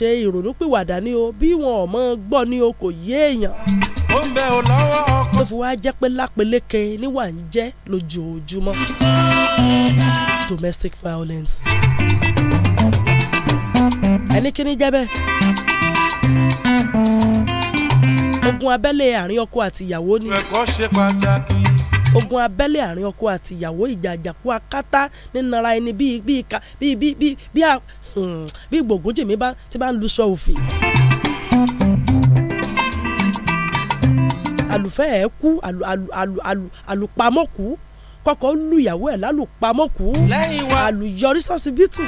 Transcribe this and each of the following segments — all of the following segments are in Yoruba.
ṣe ìrònúpìwàdà ni o bí wọn ò mọ gbọ́ ni o kò yé èèyàn. ó ń bẹ ò lọ́wọ́ ọkọ. tó fi wá jẹ́ pé lápeléke níwà ń jẹ́ lójoojúmọ́. domestic violence. ẹni kí ni jẹ́ bẹ́ẹ̀. ogun abẹ́lé àárín ọkọ àti ìyàwó ni. ẹ̀kọ́ ṣe pàtàkì ogun abẹ́lé àárín ọkọ àti ìyàwó ìjàjàkú akátá nínara ẹni bíi bíi bíi bíi bíi Hmm. bí gbòǹgbò jèmi bá ti bá ń lu sọ òfin. àlùfẹ́ ẹ̀ kú àlùpamọ́ kú kọ́kọ́ lu ìyàwó ẹ̀ lálùpamọ́ kú àlùyọrí sọ́sibítù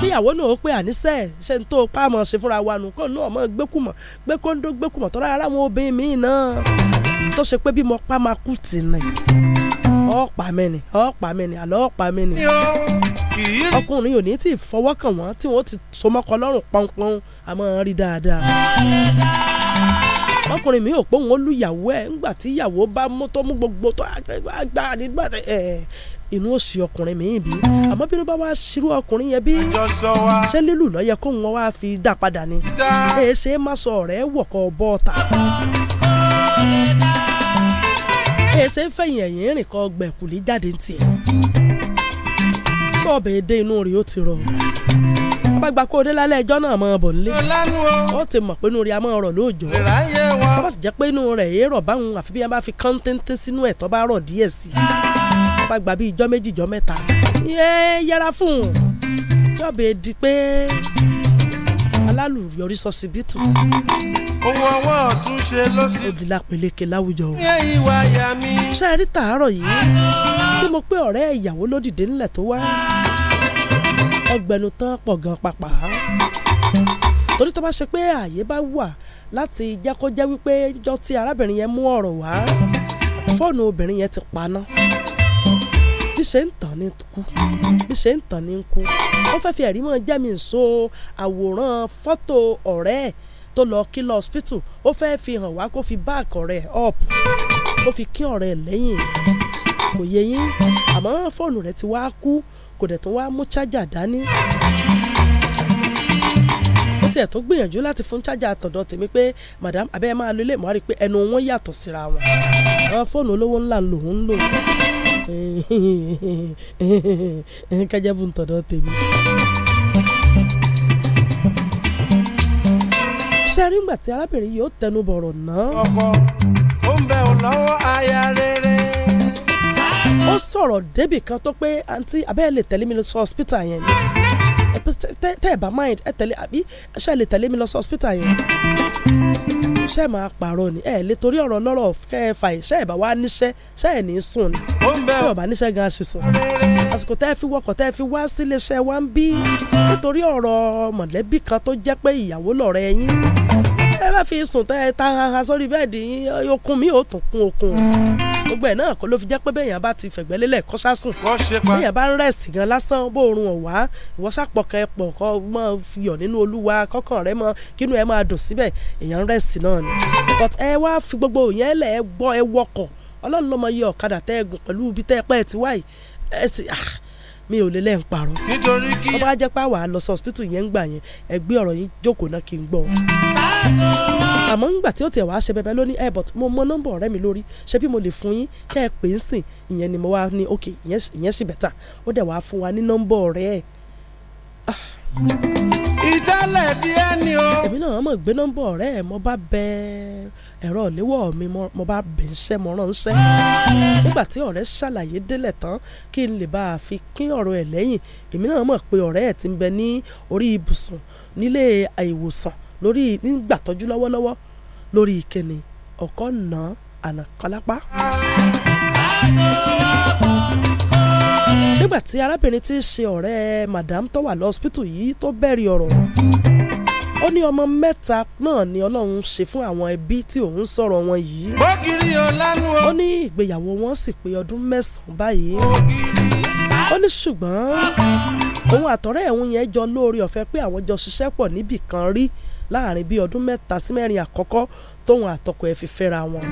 kíyàwó náà pé àníṣe ṣe ń tó páàmọ̀ ṣe fúnra wa nù kọ́ náà mọ̀ gbẹ́kùmọ̀ gbé kóńdó gbẹ́kùmọ̀ ara àwọn obìnrin míì náà tó ṣe pé bí mo pa máa kú tì ní ọ̀pá mẹ́ni ọ̀pá mẹ́ni àlọ́ ọ̀pá mẹ́ni ọkùnrin yóò ní tí fọwọ́ kàn wọ́n tí wọ́n ti so mọ́kọ lọ́rùn pọ́npọ́n àmọ́ rí dáadáa ọkùnrin mi ò pé òun olùyàwó ẹ ńgbà tí ìyàwó bá mú tó mú gbogbo tó àgbà nígbà ẹ inú òsì ọkùnrin mi bí àmọ́ bí ló bá wá ṣírú ọkùnrin yẹn bí ṣé lílù ló yẹ wá fi dá padà ni èé ṣe sọ ọ̀rẹ́ wọ̀kọ̀ bọ́ọ̀ta bẹ́ẹ̀ ṣe ń fẹ̀yìn ẹ̀yìn rìn kọ́ gbẹ̀kùlé jáde ń tiẹ̀ bọ́ọ̀ bẹ́ẹ̀ dé inú rẹ̀ ó ti rọ agbagba kó o dé lálẹ́ ẹjọ́ náà máa bọ̀ nílé ó ti mọ̀ pé inú rẹ̀ a máa rọ̀ lóòjọ́ bọ́ọ̀ sì jẹ́ pé inú rẹ̀ èé rọ̀ báwọn àfi bí wọ́n bá fi kọ́ńtéńté sínú ẹ̀ tó bá rọ̀ díẹ̀ sí i agbagba bíi ijọ́ méjì ijọ́ mẹ́ta yẹra fún un tí ọ̀bẹ di pé alálùyọrí sọ síbítù ohun ọwọ́ ọ̀tún ṣe ló sì. òdìlà peléke láwùjọ o. ṣé ìwà àyà mi. ṣé ẹ rí tàárọ̀ yìí tí mo pé ọ̀rẹ́ ìyàwó ló dìde ńlẹ̀ tó wá ọgbẹ̀nu tán pọ̀ gan papà torí tó bá ṣe pé ààyè bá wà láti jẹ́ kó jẹ́ wípé jọ tí arábìnrin yẹn mú ọ̀rọ̀ wá fóònù obìnrin yẹn ti paná bí ṣe ń tàn ní kú bí ṣe ń tàn ní kú ó fẹ́ fi ẹ̀rí mọ́ jẹ́mi so àwòrán fọ́tò ọ̀rẹ́ ẹ̀ tó lọ kí lọ hospital ó fẹ́ẹ́ fi hàn wá kó fi báàkì ọ̀rẹ́ up ó fi kí ọ̀rẹ́ lẹ́yìn kò yẹ yín àmọ́ fóònù rẹ̀ ti wá kú kò dẹ̀ tó wá mú chájà dání ó tiẹ̀ tó gbìyànjú láti fún chájà àtọ̀dọ̀ tèmi pé madam abẹ́ ẹ máa lo ilé ìmọ̀ọ́rí pé ẹnu wọn yàtọ̀ síra wọn àwọn fóònù olówó ńlá ń lòún ń lò kájẹ́bù ń tọ̀dọ̀ tèmi. rí ngbà tí arábìnrin yìí ó tẹnu bọ̀rọ̀ náà. ọkọ ó ń bẹ ò lọ́wọ́ aya rere. ó sọ̀rọ̀ débì kan tó pé àǹtí abẹ́ lè tẹ̀lé mi lọ sí hospital yẹn ni tẹ́ ẹ̀ bá mind ẹ tẹ̀lé àbí ṣe lè tẹ̀lé mi lọ sí hospital yẹn ṣe máa pààrọ̀ ni ẹ lè torí ọ̀rọ̀ lọ́rọ̀ kẹfà yìí ṣe ẹ̀ bá wá níṣẹ́ ṣe ẹ̀ ní sùn ni ṣe ọ̀bá níṣẹ́ gan ṣe sùn àsìkò tẹ́ ẹ fi wọkọ̀ tẹ́ ẹ fi wá síléeṣẹ́ wa ń bí nítorí ọ̀rọ̀ mọ̀lẹ́bí kan tó jẹ́ pé ìyàwó lọ̀rẹ́ yín bá fi sùn tẹ́ ta sórí bẹ́ẹ̀dì okun mi ò tún okun gbogbo ẹ̀ náà kó ló fi jẹ́ pé bẹ́ẹ̀yàn bá ti fẹ̀gbẹ́ lélẹ̀ kọ́ sásùn bẹ́ẹ̀yàn bá ń rẹ̀sì gan lásán bó oorun ọ̀wá ìwọ sàpọ̀kẹ́ pọ̀ kọ́ mọ́ yọ̀ nínú olúwa kọ́kàn rẹ mọ́ kínú ẹ máa dùn síbẹ̀ èèyàn ń rẹ̀sì náà ni but ẹ wá fi gbogbo yẹn lẹ̀ ẹ ẹ wọkọ̀ ọlọ́run ló mọ iye ọ̀kadà gùn pẹ̀lú ibi tẹ́ ẹ ẹ ti wáyìí ẹ sì ah mi ò lè lẹ́ ń parọ́ wọ́n bá jẹ́ pé wàá lọ sí hospital yẹn ń gbà yẹn ẹ ọ̀rọ̀ yín jókòó náà kí n gbọ́ àmọ́ ńgbà tí ó tiẹ̀ wá ṣe bẹ́bẹ́ lónìí airport mo mọ nọ́mbà ọ̀rẹ́ mi lórí ṣé bí mo lè fún yín kẹ́ ẹ pè é sìn ìyẹn ni mo wá ní ok ìyẹn sì bẹ́tà ó dẹ̀ wá fún wa ní nọ́mbà ọ̀rẹ́ ẹ̀ ìtẹ́lẹ̀ díẹ̀ ni o. èmi náà mọ̀ gbé nọ́mbà ọ̀rẹ́ ẹ̀ mo bá bẹ́ẹ̀ ẹ̀rọ ìléwọ́ mi mo bá bẹ̀ ń ṣẹ́ mo rán ń ṣẹ́ nígbà tí ọ̀rẹ́ ṣàlàyé délẹ̀ tán kí n lè bá a fi kín ọ̀rọ̀ ẹ̀ lẹ́yìn èmi náà mọ̀ pé ọ̀rẹ́ ẹ̀ ti ń bẹ ní orí ibùsùn nílé ìwòsàn lórí nígbà tọ́jú lọ́wọ́lọ́wọ́ lórí ìkíni ọ̀kọ́ nà ànàkọ́lápá nígbà tí arábìnrin tí ṣe ọ̀rẹ́ madam tó wà lọ́sípítù yìí tó bẹ̀rẹ̀ ọ̀rọ̀ ó ní ọmọ mẹ́ta náà ni ọlọ́run ṣe fún àwọn ẹbí tí òun sọ̀rọ̀ wọn yìí. bókìrì ọ̀lànà. ó ní ìgbéyàwó wọn sì pé ọdún mẹ́sàn-án báyìí. bókìrì ó ní ṣùgbọ́n òun àtọ̀rẹ́ ẹ̀hún yẹn jọ lóore ọ̀fẹ́ pé àwọn jọ ṣiṣẹ́ pọ̀ níbì kan rí láàrin bíi ọdún mẹ́ta sí mẹ́rin àkọ́kọ́ tóun àtọkọ ẹ̀ fi fẹ́ra wọn.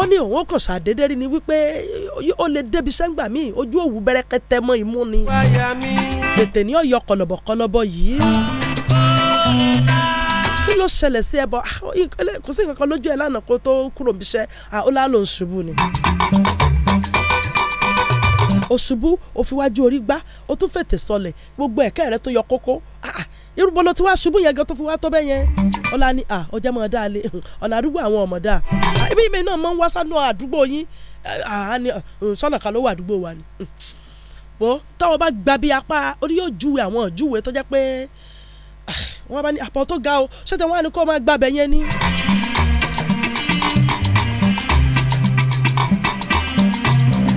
ó ní òun ó kàn ṣàdédé rí ni wípé ó lè débi sẹ́ngbà míì ojú òwú bẹ́rẹ́kẹ́tẹ́ mọ́ imú ni. tètè ní ọ̀yọ́ kọlọ̀bọ̀kọlọ̀bọ̀ yìí ló ṣẹlẹ̀ sí ẹ bọ̀ ah, kò sí kankan lójú ẹ lánàá kó tó kúrò níbi iṣẹ́ ah, ó lálò ń ṣubú ni òṣùbù òfiwájú orí gbá ó tún fètè sọlẹ̀ gbogbo ẹ̀kẹ́ rẹ tó yọ kókó ah, irúgbó ló ti wá ṣubú yẹn gan tó fi wá tó bẹ́ẹ̀ yẹn ọ̀la ni ọjà máa dáa lé ọ̀nà àdúgbò àwọn ọmọ dáa ibi ìmẹ̀ náà máa ń wá sánú àdúgbò yín sọ́nà kan ló wà àdúgbò wa ni. wo táwọn bá gba bí apá orí yóò júwe àwọn ìjúwe tó jẹ́ pé wọ́n bá ní àpọ̀ ah, tó ga o ṣé tẹ̀ wọ́n á ní kó máa gbàbẹ̀ yẹn ni.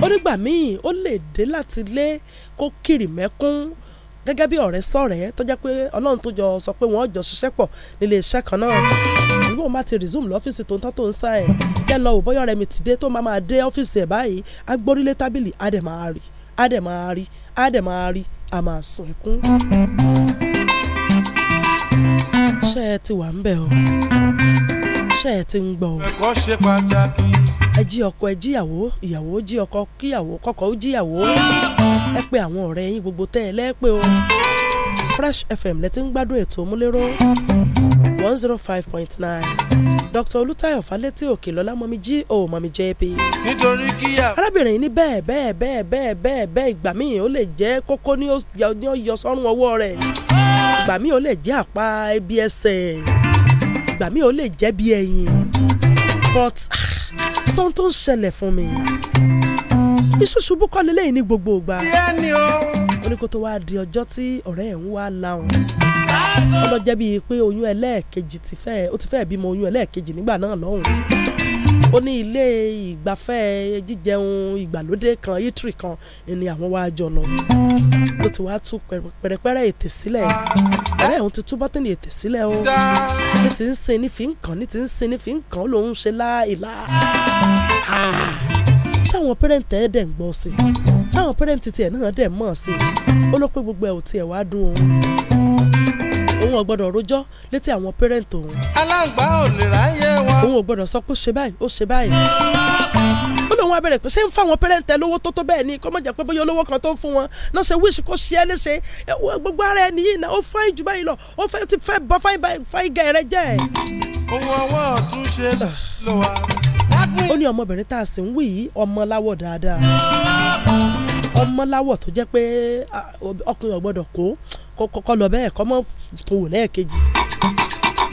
onígbà míì ó lè dé láti lé kó kiri mẹ́kún gẹ́gẹ́ bí ọ̀rẹ́ sọ̀rẹ́ tó jẹ́ pé ọlọ́run tó jọ sọ pé wọ́n jọ ṣiṣẹ́ pọ̀ nílé iṣẹ́ kan náà ìwé òun bá ti resume lọ́fíìsì tó ń tọ́ tó ń sá ẹ̀ yẹn lọ òbọ́yọ̀ rẹ̀ mi ti dé tó máa máa dé ọ́fíìsì ẹ̀ báyìí agbórílé tábìlì á máa rí á máa rí á máa rí a sùn ẹkún ṣé ẹ ti wà ń bẹ̀ o ṣé ẹ ti ń gbọ́ o. ẹ̀kọ́ ṣe pàtàkì. ẹ jí ọkọ ẹ jíyàwó ìyàwó jí ọkọ kíyàwó kọkọ ó jíyàwó ẹ pé àwọn ọ̀rẹ́ yín gbogbo tẹ́ ẹ lẹ́ẹ̀pẹ́ o Fresh FM lẹ ti ń gbádùn ètò múlẹ́rọ́ one zero five point nine Dr. Olùtayọ̀ Fálétí òkè lọ́lá mọ́mí jí o mọ́mí JP. nítorí kíyà. arábìnrin yìí ní bẹ́ẹ̀ bẹ́ẹ̀ bẹ́ẹ̀ bẹ́ẹ̀ bẹ́ẹ̀ ìgbà míì ó lè jẹ́ kókó ní ó yọ sọ́run ọwọ́ rẹ̀ gbà mí ò lè jẹ́ àpá ibi ẹsẹ̀ gbà mí ò lè jẹ́ bí ẹ̀yìn but ah, sọ́n tó ń ṣẹlẹ̀ fún mi ìṣùṣubú kọ́ lélẹ́yìn ní gbogbo ìgbà ó ní kó tó wáá di ọjọ́ tí ọ̀rẹ́ ẹ̀ ń wá láwọn ó lọ jẹ́ bíi pé oyún ẹlẹ́ẹ̀kejì ti fẹ́ ó ti fẹ́ bímọ oyún ẹlẹ́ẹ̀kejì nígbà náà lọ́hùn-ún ó ní ilé ìgbafẹ́ jíjẹun ìgbàlódé kan itri kan ni àwọn wá jọ lọ ló ti wá tú pẹ̀rẹ̀pẹ̀rẹ̀ ètè sílẹ̀ ọ̀rẹ́ òun ti tú bọ́tẹ́nì ètè sílẹ̀ o ní ti ń sin ní fi ń kàn ní ti ń sin ní fi ń kàn ó lòun ṣe láìlá ṣáwọn pẹ́rẹ́ǹtì ẹ̀ dẹ̀ ń gbọ́ sí i ṣáwọn pẹ́rẹ́ǹtì tiẹ̀ náà dẹ̀ mọ̀ sí i ó ló pé gbogbo ẹ̀ ò tiẹ̀ wá dùn òun òun ò gbọ́dọ̀ rojọ́ létí àwọn parent òun. aláǹgbá ò lè ráyè wọn. òun ò gbọ́dọ̀ sọ pé ó ṣe báyìí ó ṣe báyìí. ó lóun á bẹ̀rẹ̀ pé ṣé ń fáwọn parent ẹ lówó tó tó bẹ́ẹ̀ ni kó má jẹ́ pé bóyá olówó kan tó ń fún wọn náà ṣe wíṣì kó ṣe é léṣe gbogbo ara ẹni yìí náà ó fáyín jù báyìí lọ ó fẹ́ ti fẹ́ bọ́ fáyín gẹ̀ẹ́rẹ́ jẹ́ ẹ̀. owó ah. ó ní ọmọbìnrin tá a sì ń wí yìí ọmọ láwọ̀ dáadáa ọmọ láwọ̀ tó jẹ́ pé ọkùnrin ò kó kọ́ lọ bẹ́ẹ̀ kọ́ mọ́ tòwò lẹ́ẹ̀kejì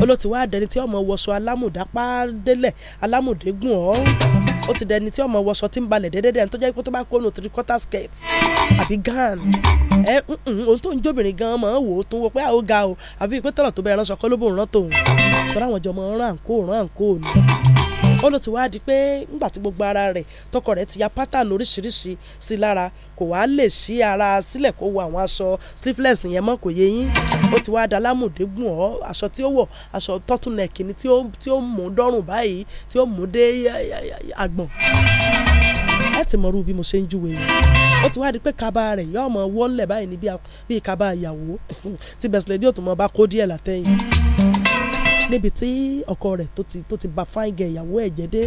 ó ló ti wá dẹni tí ọmọ wọṣọ alámùdá pàdélẹ̀ alámùdégùn ọ́ ó ti dẹni tí ọmọ wọṣọ tí ń balẹ̀ déédéé tó jẹ́ pé tó bá kó nù three quarter skirt àbí gan ẹ ohun tó ń jóbìnrin gan máa wò ó tó ń wọ pé àwọn ga o àbí pé tọ̀rọ̀ tó bẹ́ẹ̀ ránṣọ kọ́ ló bò ń rán tòun tọ́ra àwọn jọmọ rán àǹkó rán àǹkó ni ó ló ti wá di pé ńgbà tí gbogbo ara rẹ̀ tọkọ rẹ̀ ti ya pattern oríṣiríṣi sí lára kò wá lè ṣí ara sílẹ̀ kó wọ àwọn aṣọ sleeveless yẹn mọ́ kò yé yín ó ti wá da lámùdégùn ọ́ aṣọ tí ó wọ̀ aṣọ turtleneck ni tí ó mú dọ́rùn báyìí tí ó mú dé àgbọ̀n ẹ ti mọ̀rú bí mo ṣe ń júwe ó ti wá di pé kaba rẹ̀ yọ ọmọ wọ́nlẹ̀ báyìí ní bíi kaba ìyàwó tí bẹ̀sílẹ̀ dí òtún mọ́ bá kó díẹ̀ látẹ̀yìn níbi tí ọkọ rẹ̀ tó ti ba fáìgẹ̀ ìyàwó ẹ̀ jẹ́ dé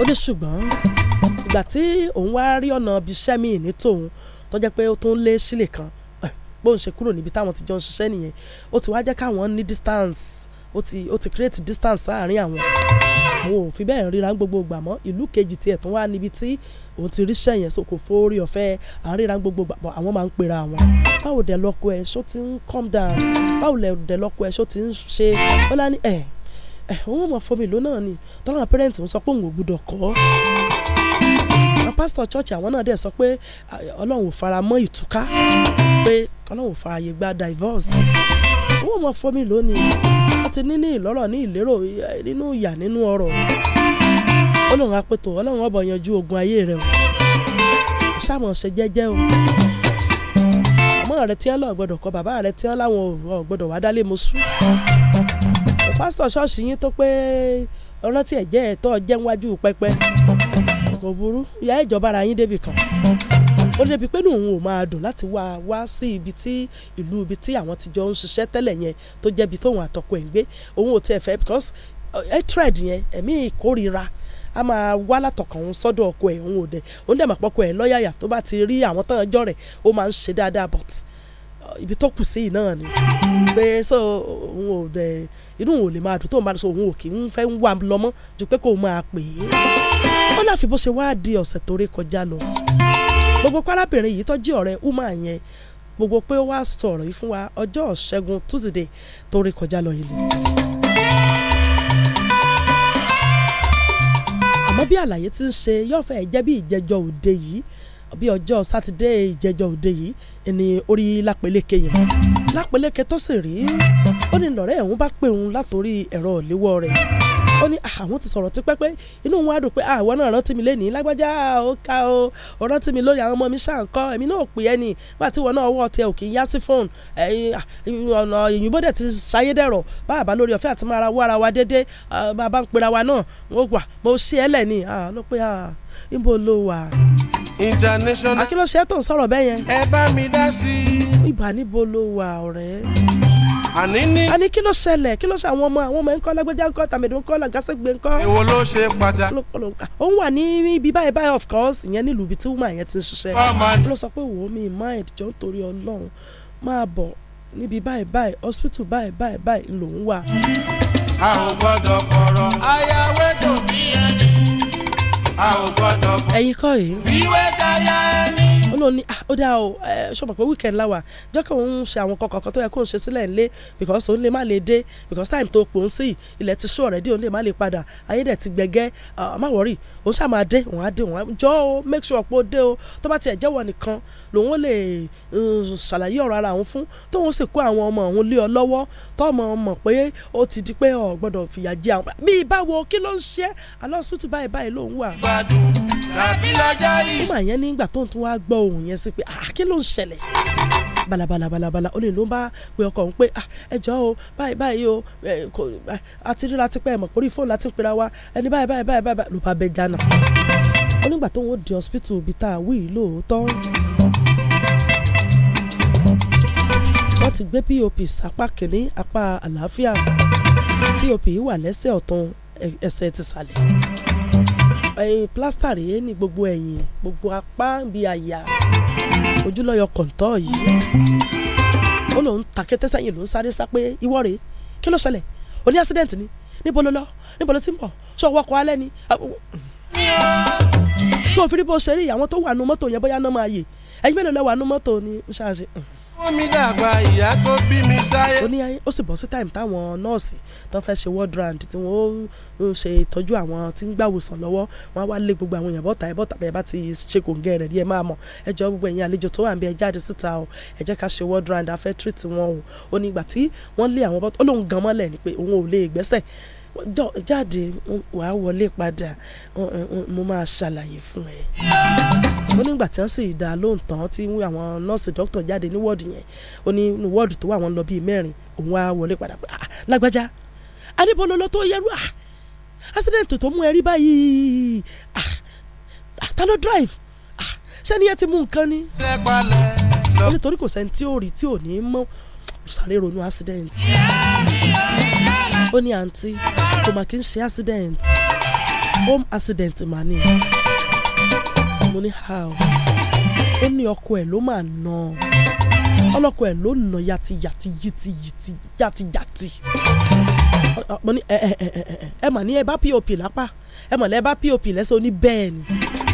ó ní ṣùgbọ́n ìgbà tí òun wá rí ọ̀nà ibiṣẹ́ míì ní tòun tó jẹ́ pé ó tún lé sílẹ̀ kan eh, bóun ṣe kúrò níbi táwọn ti jọ ń ṣiṣẹ́ nìyẹn ó ti wá jẹ́ káwọn ní distance ó ti ó ti create distance sáàárín àwọn àwọn ò fi bẹ́ẹ̀ ríra gbogbo ìgbà mọ́ ìlú kejì tiẹ̀ tún wá níbi tí òun ti ríṣẹ́ yẹn so kò fórí ọ̀fẹ́ àríra gbogbo ìgbà bọ̀ àwọn máa ń pera àwọn báwo dẹ̀ lọ́kọ ẹ̀ ṣó ti ń calm down báwo dẹ̀ lọ́kọ ẹ̀ ṣó ti ń ṣe ó lá ní ẹ̀ ẹ̀ òun mọ̀ fomi ìlú náà ni tọ́lá parents ń sọ pé òun ò gbúdọ̀ kọ́ pásítọ̀ church àwọn náà dẹ̀ sọ pé ọlọ́run ò fara mọ́ ìtúká pé ọlọ́run ò fara yẹ gba divorce òun mọ̀ fomi lónìí àti níní ìlọ́rọ̀ ní ìlérò nínú ìyà nínú ọrọ̀ ó lóun apètò ọlọ́run ọbọ̀ yanjú ogun ayé rẹ o ṣàmọ̀ ṣe jẹ́jẹ́ o ọmọ rẹ tí wọn lọ gbọ́dọ̀ kọ bàbá rẹ tí wọn láwọn ò gbọ́dọ̀ wá dálé mo sú pásítọ̀ ṣọ́ọ̀ṣì yín tó pé ọlọ́tí ẹ̀jẹ̀ ẹ̀tọ́ jẹ́ wájú pẹpẹ kò burú ìyá ìjọba ara yín débì kan ó débi pé òun ò máa dùn láti wá wá sí ibi tí ìlú ibi tí àwọn ti jọ ń ṣiṣẹ́ tẹ́lẹ̀ yẹn tó jẹ́ tóun àtọkọ ẹ̀ ń gbé òun ò tiẹ̀ fẹ́ because hatred yẹn ẹ̀mí ìkórira a máa wá látọkàn òun sọ́dọ̀ ọkọ ẹ̀ òun ò dẹ̀ òun dẹ̀ mà pọ́kọ ẹ̀ lọ́yàyà tó bá ti rí àwọn tán ọjọ́ rẹ̀ ó máa ń ṣe dáadáa but ibi tó kù sí yìí náà ni pé so òun ò dẹ̀ inú òun ò lè máa dùn tó ń so òun ò kì í fẹ́ wà lọ́mọ́ ju pé kó máa pè é ó láfi bó ṣe wá di ọ̀sẹ̀ tó rí kọjá lọ gbogbo párábìnrin yìí tọ́jú ọ̀rẹ́ uma yẹn gbogbo pé ó wá sọ̀rọ̀ yìí fún wa ọjọ́ ṣẹ́gun tuesday tó rí kọjá lọ yìí àmọ́ bí àlàyé ti ń ṣe yọ̀ọ̀fẹ́ jẹ́ bí ìjẹjọ́ òde yìí bí ọjọ́ sátidé ìjẹjọ òde yìí ni orí lápẹ̀lẹ́kẹ̀ yẹn lápẹ̀lẹ́kẹ̀ tó sì rí ó ní lọ́rẹ́ ẹ̀hún bá pè látòrí ẹ̀rọ ìléwọ́ rẹ̀ ó ní àwọn ti sọ̀rọ̀ tipẹ́pẹ́ inú wọn á dùn pé àwọ náà rántí mi lẹ́nìí lágbájá ó ká o ó rántí mi lórí àwọn ọmọ mi ṣàǹkọ́ èmi náà pè é ní nígbà tí wọn náà wọ́ ọtí ẹ̀ òkè yá sí fóònù ọ̀nà òyìnbó dẹ̀ ti ṣayédẹ̀rọ̀ báàbá lórí ọ̀fẹ́ àti máa ra ara wa dédé bàbá ń pera wa náà mo wà mo lẹ́nìí ló pé níbo ló wà international. akínlọ́sẹ̀ tó ń sọ̀rọ̀ bẹ́ẹ̀ yẹn. ẹ bá mi dá sí i. ibà níbo ló wà ọ̀rẹ́. àní ní. àní kí ló ṣẹlẹ̀ kí ló ṣe àwọn ọmọ àwọn ọmọ ńkọ́ lágbẹ́já ńkọ́ tàmẹ̀dù ńkọ́ làgásẹ́gbẹ̀ ńkọ́. èwo ló ṣe pàtàkì. ó wà ní ibi báyìí báyìí of course ìyẹn nílùú ibi tí wúmà yẹn ti ń ṣiṣẹ́. ló sọ pé wò ó mi mind jọ nítorí ọlọ́run máa bọ̀ níbi báyìí báyìí hospital báyìí báyìí báyìí lòún wà. a ò gbọ́dọ̀ fọ̀rọ̀ ayáwé tòbí a ò gbọ́dọ̀ ẹ̀yin kọ́ rèé. wíwẹ́ dáyà ẹni ó lóun ní ah, ó dáa o ṣọ́bọ̀ pé weekend láwà jọ́ kí òun ṣe àwọn kọ̀ọ̀kan tó yẹ kóun ṣe sílẹ̀ ńlé because òun lè má lè dé because time tó pò ń sí ilẹ̀ ti ṣú already òun lè má lè padà ayé dẹ̀ ti gbẹgẹ́ ah, má wọ̀rì òun ṣáà máa dé òun á dé òun á jọ o make sure pé ó dé o tó bá tiẹ̀ jẹ́wọ́ nìkan lòun ó lè uh, ṣàlàyé ọ̀rọ̀ ara òun fún tóun sì kó àwọn ọmọ òun lé ọ lọ́wọ́ tọ́mọ mọ̀ pé ó ti di pé ọ̀ gbọ́dọ̀ fìyà jẹ àwọn bíi báwo kí ló ń ṣe alọ́sítútù báyìí báyìí tó ohun yẹn sí pé àkí ah, ah, ló ń ṣẹlẹ̀ balabala balabala ó lè ló ń bá pe ọkọ òun pé ah, ẹjọ́ o báyìí báyìí o àti ríra ti pẹ́ ẹ̀ mọ̀ pórí fóònù láti pera wa ẹni báyìí báyìí báyìí báyìí ló bá bẹ gánà ó nígbà tóun ó di hospital ibi tá a wí lóòótọ́ wọ́n ti gbé pop sápá kìnní apá àlàáfíà pop wà lẹ́sẹ̀ ọ̀tún ẹsẹ̀ tìsàlẹ̀ plásítà rèé ní gbogbo ẹ̀yìn gbogbo apá bí àyà ojúlọ́yọ̀ kọ̀ǹtọ́ yìí ó lòun ta kété sẹ́yìn lòun sáré sá pé ìwọ rèé kí ló ṣẹlẹ̀ ó ní accident ni níbo ló lọ níbo ló ti ń bọ̀ ṣọ wọkọ̀ alẹ́ ni. tó o fi rí bó ṣe rí àwọn tó wà nù mọ́tò yẹn bóyá náà máa yè ẹ̀yin mélòó lẹ́wà nù mọ́tò ni ṣáà ṣe fún mi dàgbà ìyá tó bí mi sáyé. ó ní ó sì bọ́ sí táìmù táwọn nọ́ọ̀sì tó fẹ́ ṣe ward round tí wọ́n ń ṣe ìtọ́jú àwọn tí ń gbàwòsàn lọ́wọ́ wọ́n wá lé gbogbo àwọn èèyàn bọ́ta ẹ̀ bọ́ta bẹ́ẹ̀ bá ti ṣe kòǹgẹ́ rẹ̀ ní ẹ máa mọ̀ ẹ jọ gbogbo ẹ̀yin àlejò tó wà ń bẹ ẹ jáde síta o ẹ jẹ́ ká ṣe ward round afẹ́ treat wọn o ó ní ìgbà tí wọ́n lé àwọn bọ́ta ó lóun gan mọ́lẹ̀ ni pé òun ò lè gbẹ́sẹ̀ jáde wàá wọlé padà mo máa ṣàlàyé fún ẹ ó nígbà tí wọ́n sì dá lóhùn tán tí àwọn nọ́ọ̀sì dókítà jáde ní wọ́ọ̀dù yẹn ó ní inú wọ́ọ̀dù tó wà wọ́n lọ bíi mẹ́rin òun wá wọlé padà pé ah lágbájá adébólóló tó yẹrú ah accident tó mú ẹ báyìí ah, ah ló drive ah, ṣé ni ẹ ti mú nǹkan ni. ó ní torí kò sẹ́ni tí ò rí tí ò ní mọ́ sáré ronú accident. ó ní àǹtí kò mà kí n ṣe accident home accident mà ni. mo ní ó ní ọkọ ẹ ló máa nà ọlọ́kọ ẹ̀ ló nà yàtìyàtì yìtìyìtì yàtìyàtì mo ní ẹ ẹ ẹ ẹ ẹ mà ní ẹ bá pop lápá ẹ mọ̀ lẹ́ẹ̀ bá pop lẹ́sẹ̀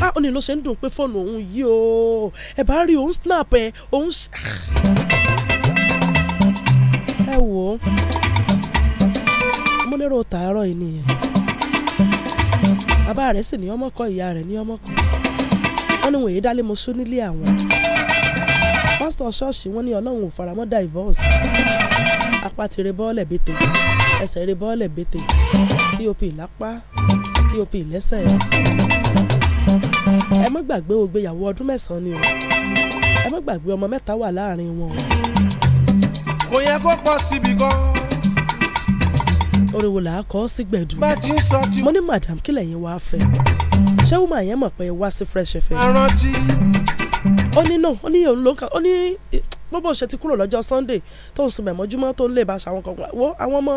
a ó ní ló ṣe ń dùn pé fóònù òun yìí o ẹ bá rí òun snap ẹ òun ẹ wò ó mo lérò yìí nìyẹn bàbá sì ọmọ ìyá wọ́n ní wọn èyí dálé mọ́ṣú nílé àwọn pásítọ̀ ṣọ́ọ̀ṣì wọ́n ní ọlọ́run ò faramọ́ divorce apá ti re bọ́ọ̀lẹ̀ bètè ẹsẹ̀ re bọ́ọ̀lẹ̀ bètè pop lápá pop lẹ́sẹ̀ ẹ má gbàgbé ògbéyàwó ọdún mẹ́sàn-án ni o ẹ má gbàgbé ọmọ mẹ́ta wà láàrin wọn. kò yẹ kó pọ̀ síbi gan-an oríwo là á kọ́ sígbẹ̀dù mo ní madam kí lẹ́yìn wá fẹ́ ṣé wọ́n máa yẹn mọ̀ pé wá sí fresh fẹ́ ó ní náà ó ní òun ló ń kà ó ní bọ́bọ̀ ṣe ti kúrò lọ́jọ́ sunday tó ń sùn mẹ́mọ́júmọ́ tó ń lè bá ṣàwọn kan wo àwọn ọmọ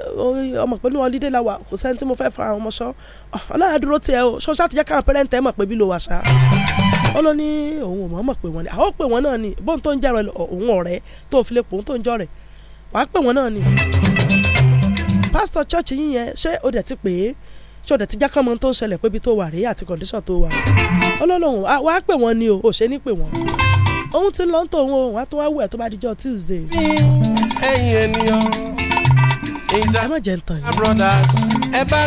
eh, ọmọ pẹ̀lú ọlídé la wà kò sẹ́ni tí mo fẹ́ fa àwọn ọmọ ṣọ́ ọlọ́run dúró tiẹ̀ o ṣọ́ṣá ti jẹ́ káwọn pẹ́rẹ́ǹtẹ̀ mọ̀ pé bí lo wà ṣá ó lọ ní òun ò mọ̀ mọ̀ pé wọ́n ni àwọn pè wọ́n náà ni bóun tó ń jẹ́ òun ọ̀rẹ́ tó fi lè pòun tó ń jọ rẹ̀ wàá pè wọ́n náà ni pásítọ̀ chọ́ọ̀chì yín yẹn ṣé o dẹ̀ ti pè é ṣé o dẹ̀ ti já kán mọ tó ń ṣẹlẹ̀ pé ibi tó wà rèé àti condition tó wà ọlọ́lọ́hún wá pè wọ́n ni o ò ṣe ní pè wọ́n òun ti lọ́ ń tòun o wọ́n á tó wá wẹ̀ tó bá dijọ́ Tuesday. ẹ̀yin ènìyàn ẹ má jẹ́ ń tàn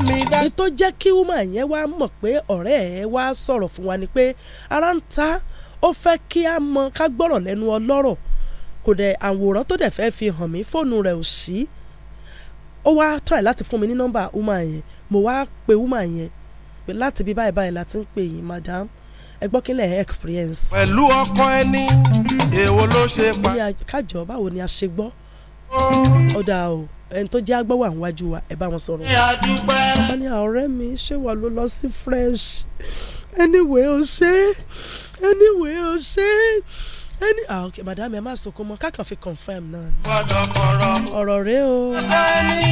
yín. ètò jẹ́ kí wúmà yẹn wá mọ̀ pé ọ̀rẹ́ ẹ̀ wá sọ̀rọ̀ fún wa ni pé ara ń ta ó fẹ́ kí a mọ ká gbọ́rọ̀ lẹ́nu ọlọ́rọ̀ kò dẹ̀ àwòrán tó dẹ̀ fẹ́ fi hàn mí fóònù rẹ̀ ò sí. Si ó wá try láti fún mi ní nọ́mbà woman yẹn mo wá pe woman yẹn láti bí báyìí báyìí láti ń pè yín madam ẹ experience. pẹ̀lú ọkọ ẹni èwo ló ṣe pa. ní àkájọ báwo ni a ṣe gbọ́ ọ̀dà oh. o ẹni tó jẹ́ agbọ́wọ́ àwọn wájú wa ẹ bá wọn sọ̀rọ̀. ní àdúgbò. wọ́n ní ọ̀rẹ́ mi ṣé wọ́n ló lọ sí fresh anyway o ṣe anyway o ṣe ẹni ah ok madam ẹ má sọkún mọ́ kákan fi confirm náà ni. gbọ́dọ̀ kọ̀rọ̀. ọ̀rọ̀ rẹ o. ẹni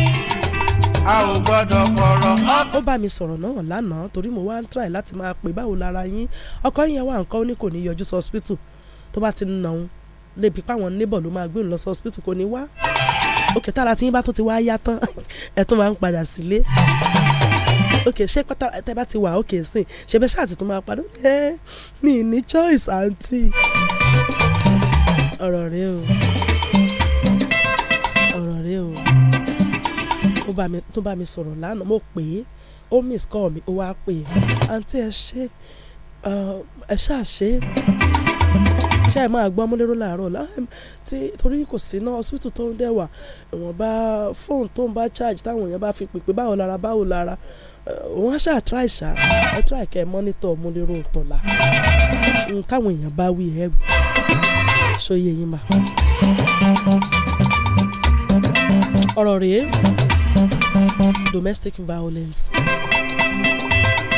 a ò gbọ́dọ̀ kọ̀rọ̀. ó bá mi sọ̀rọ̀ náà lánàá torí mo wá ń try láti máa pè báwo lára yín ọkọ yẹn wà nǹkan ó ní kò ní yọjú sí hospital tó bá ti nà òun lébi páwọn neighbor ló máa gbé òun lọ sí hospital kò ní wá òkè tára tí yín bá tún ti wá yá tán ẹ tún máa ń padà sílé ok ṣé pátá tẹ bá ti wà ok sìn ṣe bẹ ṣáà ti tún máa padà ẹ mi ní choice àǹtí ọ̀rọ̀ rẹ o ọ̀rọ̀ rẹ o tó bá mi sọ̀rọ̀ lánàá mo pè é ó miss call mi ó wá pè é àǹtí ẹ ṣe ẹ ṣáà ṣe ṣáà máa gbọ́ múlẹ́rọ́ làárọ̀ tí torí kò sí náà hospital tó ń dẹ̀wà ìwọ̀nba fóònù tó ń bá charge táwọn èèyàn bá fi pèpè báwo lára báwo lára wọ́n ṣáà try ṣá ẹ try kẹ́ ẹ mọ́nítọ̀ múlẹ́rọ̀ tọ̀la nkáwọn èèyàn bá wí ẹ wù sóye yín mà. ọ̀rọ̀ rèé domestic violence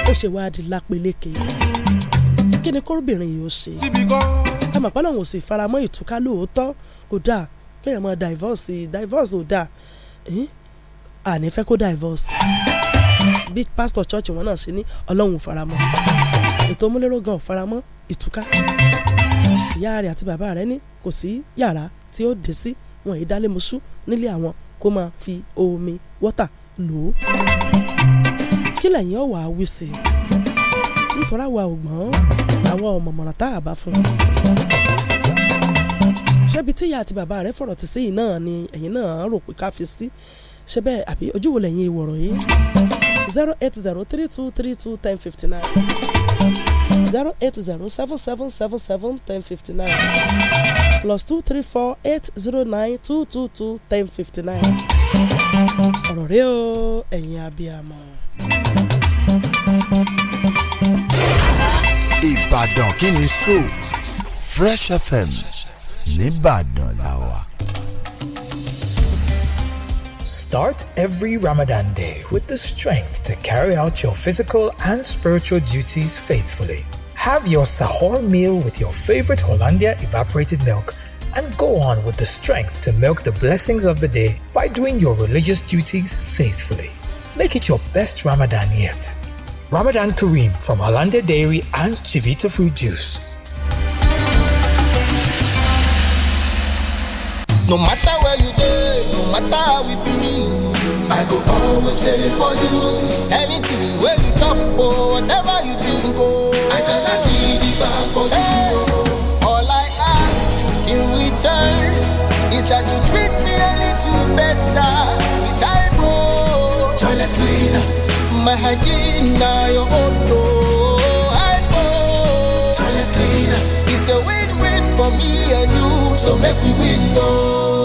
ó ṣe wá di lápeléke kí ni kórìbìnrin yìí ó ṣe ẹ mà pálọ̀ wò sí faramọ́ ìtúká lóòótọ́ kò dáa kéèyàn máa divorce divorce ò dáa àní fẹ́ kó divorce bí pásítọ̀ chọ́ọ̀chì wọn náà ṣe ní ọlọ́run faramọ́ ètò múlẹ́rọ̀ gan faramọ́ ìtúká ìyá rẹ̀ àti bàbá rẹ̀ ní kò sí yàrá tí ó dé sí wọn èyí dálé muṣú nílé àwọn kó máa fi omi wọ́tà lò ó kí lẹ́yìn ọ̀wà wí sí i nítorí àwa ọ̀gbọ́n àwa ọ̀mọ̀mọ̀ràn tá a bá fún un ṣébi tíyà àti bàbá rẹ̀ fọ̀rọ̀ tì sí náà ni ẹ̀yin náà rò pé ká fi sí ṣé bẹ́ẹ̀ àbí ojú wo lẹ́yìn ìwọ̀rọ̀ yìí. Zero zero Zero zero eight eight three three two two ten fifty nine. seven seven seven seven ten fifty nine. plus two two two two three four eight zero nine 234809222 1059 ọ̀rọ̀ rẹ o ẹ̀yin abiyamọ. Ìbàdàn kí ni so Fresh FM nìbàdàn làwà. Start every Ramadan day with the strength to carry out your physical and spiritual duties faithfully. Have your sahur meal with your favorite Hollandia evaporated milk and go on with the strength to milk the blessings of the day by doing your religious duties faithfully. Make it your best Ramadan yet. Ramadan Kareem from Hollandia Dairy and Chivita Fruit Juice. No matter where you go, no matter how we be. I go always ready for you. Anything where you chop, oh, whatever you drink, oh. I got a the bar for you. All I ask in return is that you treat me a little better. It's I go. Toilet cleaner. My hygiene, now your own door. Oh, I go. Toilet cleaner. It's a win-win for me and you, so make we win, oh.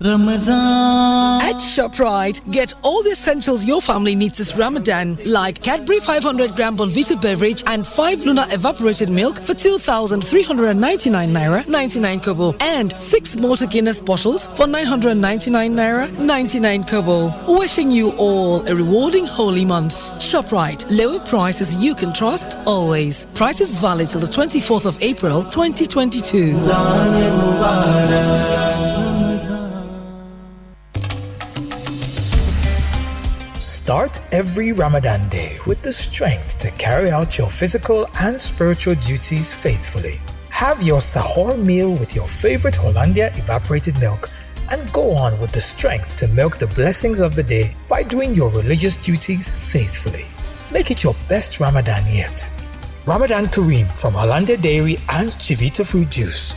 Ramazan. At ShopRite, get all the essentials your family needs this Ramadan, like Cadbury 500 gram Bonvita beverage and 5 Luna evaporated milk for 2,399 naira 99 kobo, and 6 Mortar Guinness bottles for 999 naira 99 kobo. Wishing you all a rewarding holy month. ShopRite, lower prices you can trust always. Prices valid till the 24th of April 2022. Start every Ramadan day with the strength to carry out your physical and spiritual duties faithfully. Have your sahur meal with your favorite Hollandia evaporated milk and go on with the strength to milk the blessings of the day by doing your religious duties faithfully. Make it your best Ramadan yet. Ramadan Kareem from Hollandia Dairy and Chivita Fruit Juice.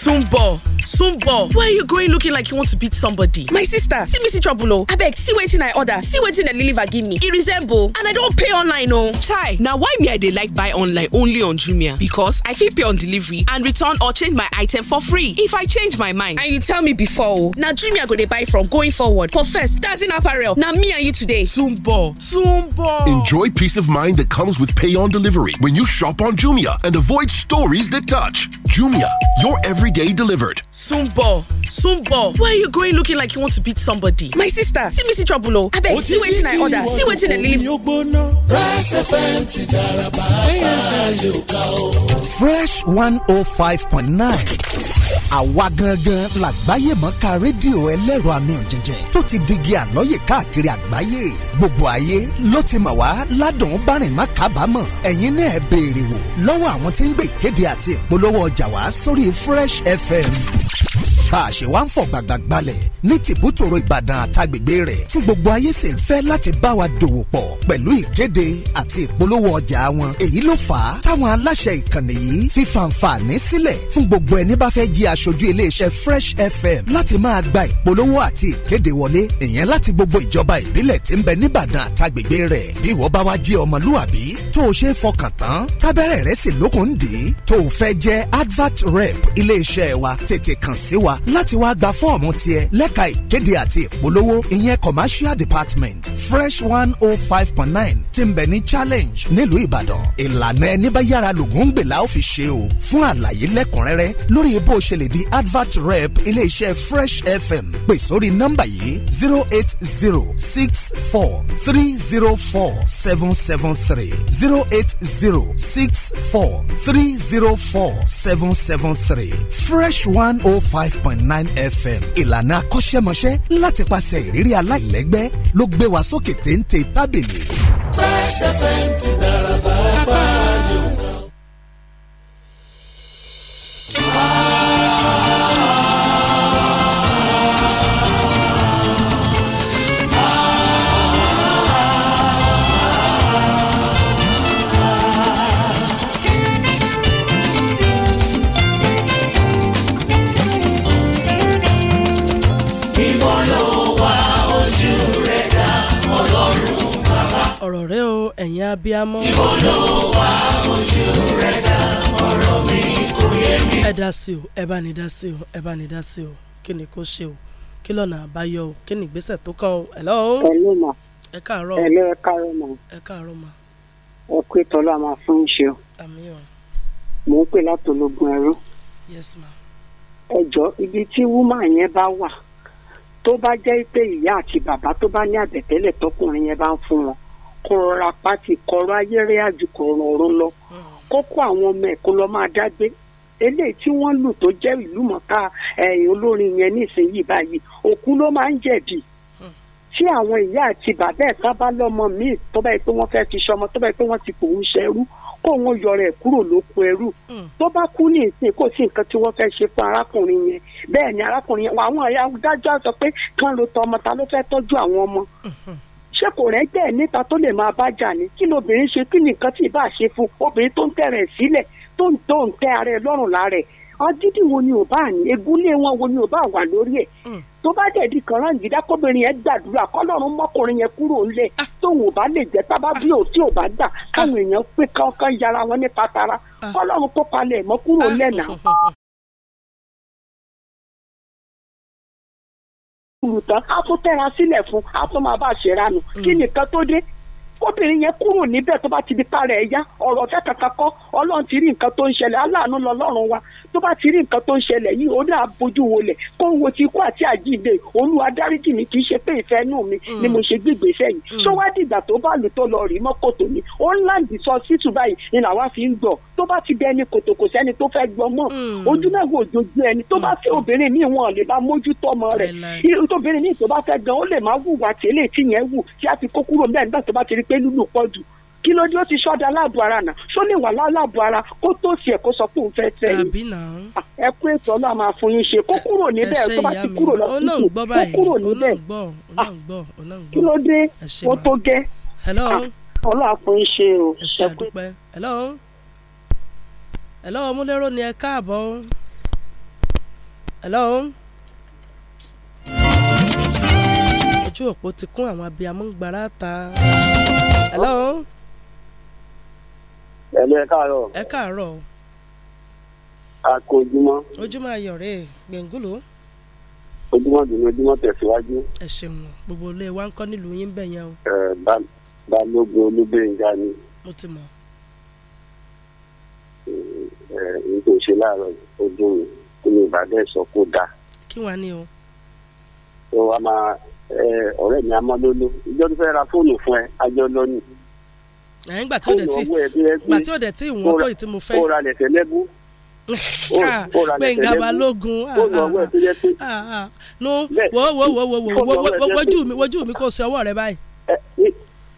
Sumbo, Sumbo, where are you going looking like you want to beat somebody? My sister, see me see trouble oh. Abeg, see waiting I order, see waiting the Liliva give me. It resemble and I don't pay online oh. Chai, now why me I they like buy online only on Jumia? Because I keep pay on delivery and return or change my item for free if I change my mind. And you tell me before oh. Now Jumia go they buy from going forward. For first, that's in apparel. Now me and you today. Sumbo, Sumbo. Enjoy peace of mind that comes with pay on delivery when you shop on Jumia and avoid stories that touch. Jumia, your every Day delivered. Sumpo. why are you going looking like you want to beat somebody my sister see me see trouble o oh. abeg oh, see wetin i order see wetin dem leave. fresh fm ti dára pàápàá yóò fresh 105.9. oh five point nine àwa gangan làgbáyé mọ́ka rédíò ẹlẹ́rọ àmì òjẹ̀jẹ̀ tó ti digi àlọ́yè káàkiri àgbáyé gbogbo ayé ló ti mọ̀ wá ládùn bárìn má kábàámọ̀ ẹ̀yin náà ẹ béèrè wò lọ́wọ́ àwọn tí ń gbé ìkéde àti ìpolówó ọjà wá sórí fresh fm bá a ṣe wá ń fọ̀ gbàgbàgbalẹ̀ ní tìbútòrò ìbàdàn àtàgbègbè rẹ̀ tí gbogbo ayé sì ń fẹ́ láti bá wa dòwò pọ̀ pẹ̀lú ìkéde àti ìpolówó ọjà wọn èyí ló fà á táwọn aláṣẹ ìkànnì yìí fi fàǹfààní sílẹ̀ fún gbogbo ẹni bá fẹ́ jí aṣojú iléeṣẹ́ fresh fm láti máa gba ìpolówó àti ìkéde wọlé ìyẹn láti gbogbo ìjọba ìbílẹ̀ tí ń bẹ níbàdàn àtàgbègbè rẹ̀ bí ìwọ bá wá jẹ́ ọmọlúwàbí tó o ṣe é fọkàn tán tábẹ́rẹ́ rẹ̀ sì lókun dì í tó o fẹ́ jẹ́ advert rep iléeṣẹ́ wa tètè kàn sí wa láti wá gba fọ́ọ̀mù tiẹ̀ lẹ́ka ìkéde àti ìpolówó ìyẹn commercial department fresh one oh five point nine tí ń bẹ ní challenge nílùú ìbàdàn ìlànà ẹni bá yára lògùn gbèlà ó fi ṣe o fún àlàyé lẹ́kùnrẹ́rẹ́ lórí bó o ṣe lè di advert rep iléeṣẹ́ fresh fm pè sórí nọ́mbà yìí zero eight zero six four three zero four seven seven three zero eight zero six four three zero four seven seven three fresh one oh five five point nine fm ìlànà akọ́ṣẹ́mọṣẹ́ láti pàṣẹ ìrírí aláìlẹ́gbẹ́ ló gbé wa sókè téńté tábìlì. fresh fm ti dára pàápàá yòó. ẹ̀yin abiyamọ. ibo ló wà ojú rẹ̀ dá ọ̀rọ̀ mi kò yé mi. ẹ dá sí o ẹ bá ní dá sí o ẹ bá ní dá sí o kí ni kò ṣe o kí lọ́nà àbáyọ o kí ni ìgbésẹ̀ tó kàn o. hello. hello ma. ẹ káàárọ̀. hello ẹ káàárọ̀ ma. ẹ káàárọ̀ ma. ẹ kú ìtọ́lá máa fún iṣẹ́ o. àmì o. mò ń pè látọlógún ẹrú. yes ma. ẹ jọ ibi tí wúmà yẹn bá wà tó bá jẹ́ pé ìyá àti bàbá tó bá ní àbẹ̀tẹ́lẹ̀ tọkùnrin yẹn bá ń fún wọn kó rọra pátì kọrọ ayéré àjùkọ ọ̀rọ̀ lọ kókó àwọn ọmọ ẹ̀kọ́ lọ máa dágbé eléyìí tí wọ́n lù tó jẹ́ ìlú mọ̀ká olórin yẹn nísìnyí báyìí òkú ló máa ń jẹ̀bi tí àwọn ìyá àti bàbá ẹ̀ ká bá lọ́mọ míì tó bá yẹ pé wọ́n fẹ́ fi ṣọmọ tó bá yẹ pé wọ́n ti pòun ṣẹrú kó wọn yọrọ ẹ̀ kúrò lóko ẹrú tó bá kú ní ìsìn kò sí nǹkan tí wọ́n fẹ́ ṣe fún arákùnrin yẹn bẹ́ẹ̀ ni arákùnrin yẹn àwọn àyà dájọ́ sọ pé kán ló tọ ọmọ ta ló fẹ́ tọ́jú àwọn ọmọ ṣé kò rẹ́gbẹ́ níta tó lè máa bá jà ní kí lóbìnrin ṣe kí nìkan tí ì bá ṣe fún obìnrin tó ń tẹ̀rẹ̀ sílẹ̀ tó ń tó ń tẹ́ ara ẹ lọ́rùn lára ẹ̀ wo ni ò bá ní egúnlé wọn wo ni ò bá wà lórí ẹ̀ hmm. tó bá dẹ̀ di kan rán jìdá kóbìnrin yẹn gbàdúrà kọ́lọ́run mọ́kùnrin yẹn kúrò ńlẹ̀ ah. tóun ò bá lè jẹ́ tábà bí òun tí ò bá gbà ah. káwọn èèyàn pé kankan yára wọn nípa tara ah. kọ́lọ́run kó palẹ̀ mọ́ kúrò ńlẹ̀ náà. lù tán á tún tẹ́ra sílẹ̀ fún á tún máa bá a ṣe ránu hmm. kí nìkan tó dé kóbìnrin yẹn kúrò níbẹ̀ tó bá ti di para ẹ̀ yá ọ̀rọ̀ fẹ́ kankan kọ́ ọlọ́run ti rí nǹkan tó ń ṣẹlẹ̀ aláàánú lọ́lọ́run wa tó bá ti rí nǹkan tó ń ṣẹlẹ̀ yìí ó náà bójú wolẹ̀ kó ń wo ti kú àti àjíǹde olúwa dáríjì mi kì í ṣe pé ìfẹ́ inú mi ni mo ṣe gbígbé sẹ́yìn tó mm. wá dìgbà tó bá lù tó lọ rí mọ́ kòtò mi ó ń láǹdì sọ sítù báyìí ni làwa fi ń gbọ́ tó bá ti dẹni kòtò kò sẹ́ni tó fẹ́ gbọ́ mọ́ mm. ojú mẹ́wàá òjòjú ẹni tó bá fẹ́ mm. obìnrin míì wọn lè bá mójútó ọmọ rẹ̀ tóbìnrin míì tó bá fẹ́ gan ó lè má wù wá tẹ́lẹ̀ tí yẹn wù tí a ti kó kúrò mẹ́rin náà tó bá ti rí pé lúlù pọ̀ jù kí ló dé ó ti ṣọ́dá láàbò ara nà ṣó lè wà láàbò ara kó tó tiẹ̀ kó sọ pé òun fẹ́ tẹ̀ yín ah, ẹ kú ètò ọlọ́run máa fún yín ṣe kó kúrò níbẹ̀ tó bá ti kúrò lọ sí kó kúrò níbẹ̀ ah, kí ló dé ó tó gẹ́ ah, ọlọ́run fún yín ṣe o ẹ kú. hello múlẹ́rọ ni ẹ káàbọ̀ hello ojú òpó ti kún àwọn abiyamọ ń ta ẹ̀mí ẹ káàárọ̀. ẹ káàárọ̀. a kò ojúmọ́. ojúmọ́ ayọ̀ rẹ̀ gbẹ̀ngúlò. ojúmọ́ dùn ojúmọ́ tẹ̀síwájú. ẹ ṣeun gbogbo ilé wa ń kọ́ nílùú yín bẹ̀ yẹn o. ẹ balógun olúbẹ̀ngà ni. mo ti mọ̀. ẹ n kò ṣe láàárọ̀ ojú kí ni ìbàdàn sọ kó dáa. kí wàá ní o. ó wàá máa ọ̀rẹ́ mi amọ́lólú ìjọba fẹ́ ra fóònù fún ẹ ajọ́ lọ́nìí ẹ̀yìn gbà tí ó dẹ̀ tí gbà tí ó dẹ̀ tí ìwọ̀n tó ìtí mo fẹ́. ó ra lẹ̀sẹ̀ lẹ́bù. gbẹ̀ngà balógun nu wo wo wo wo wo wojú mi wojú mi kò sí ọwọ́ rẹ báyìí.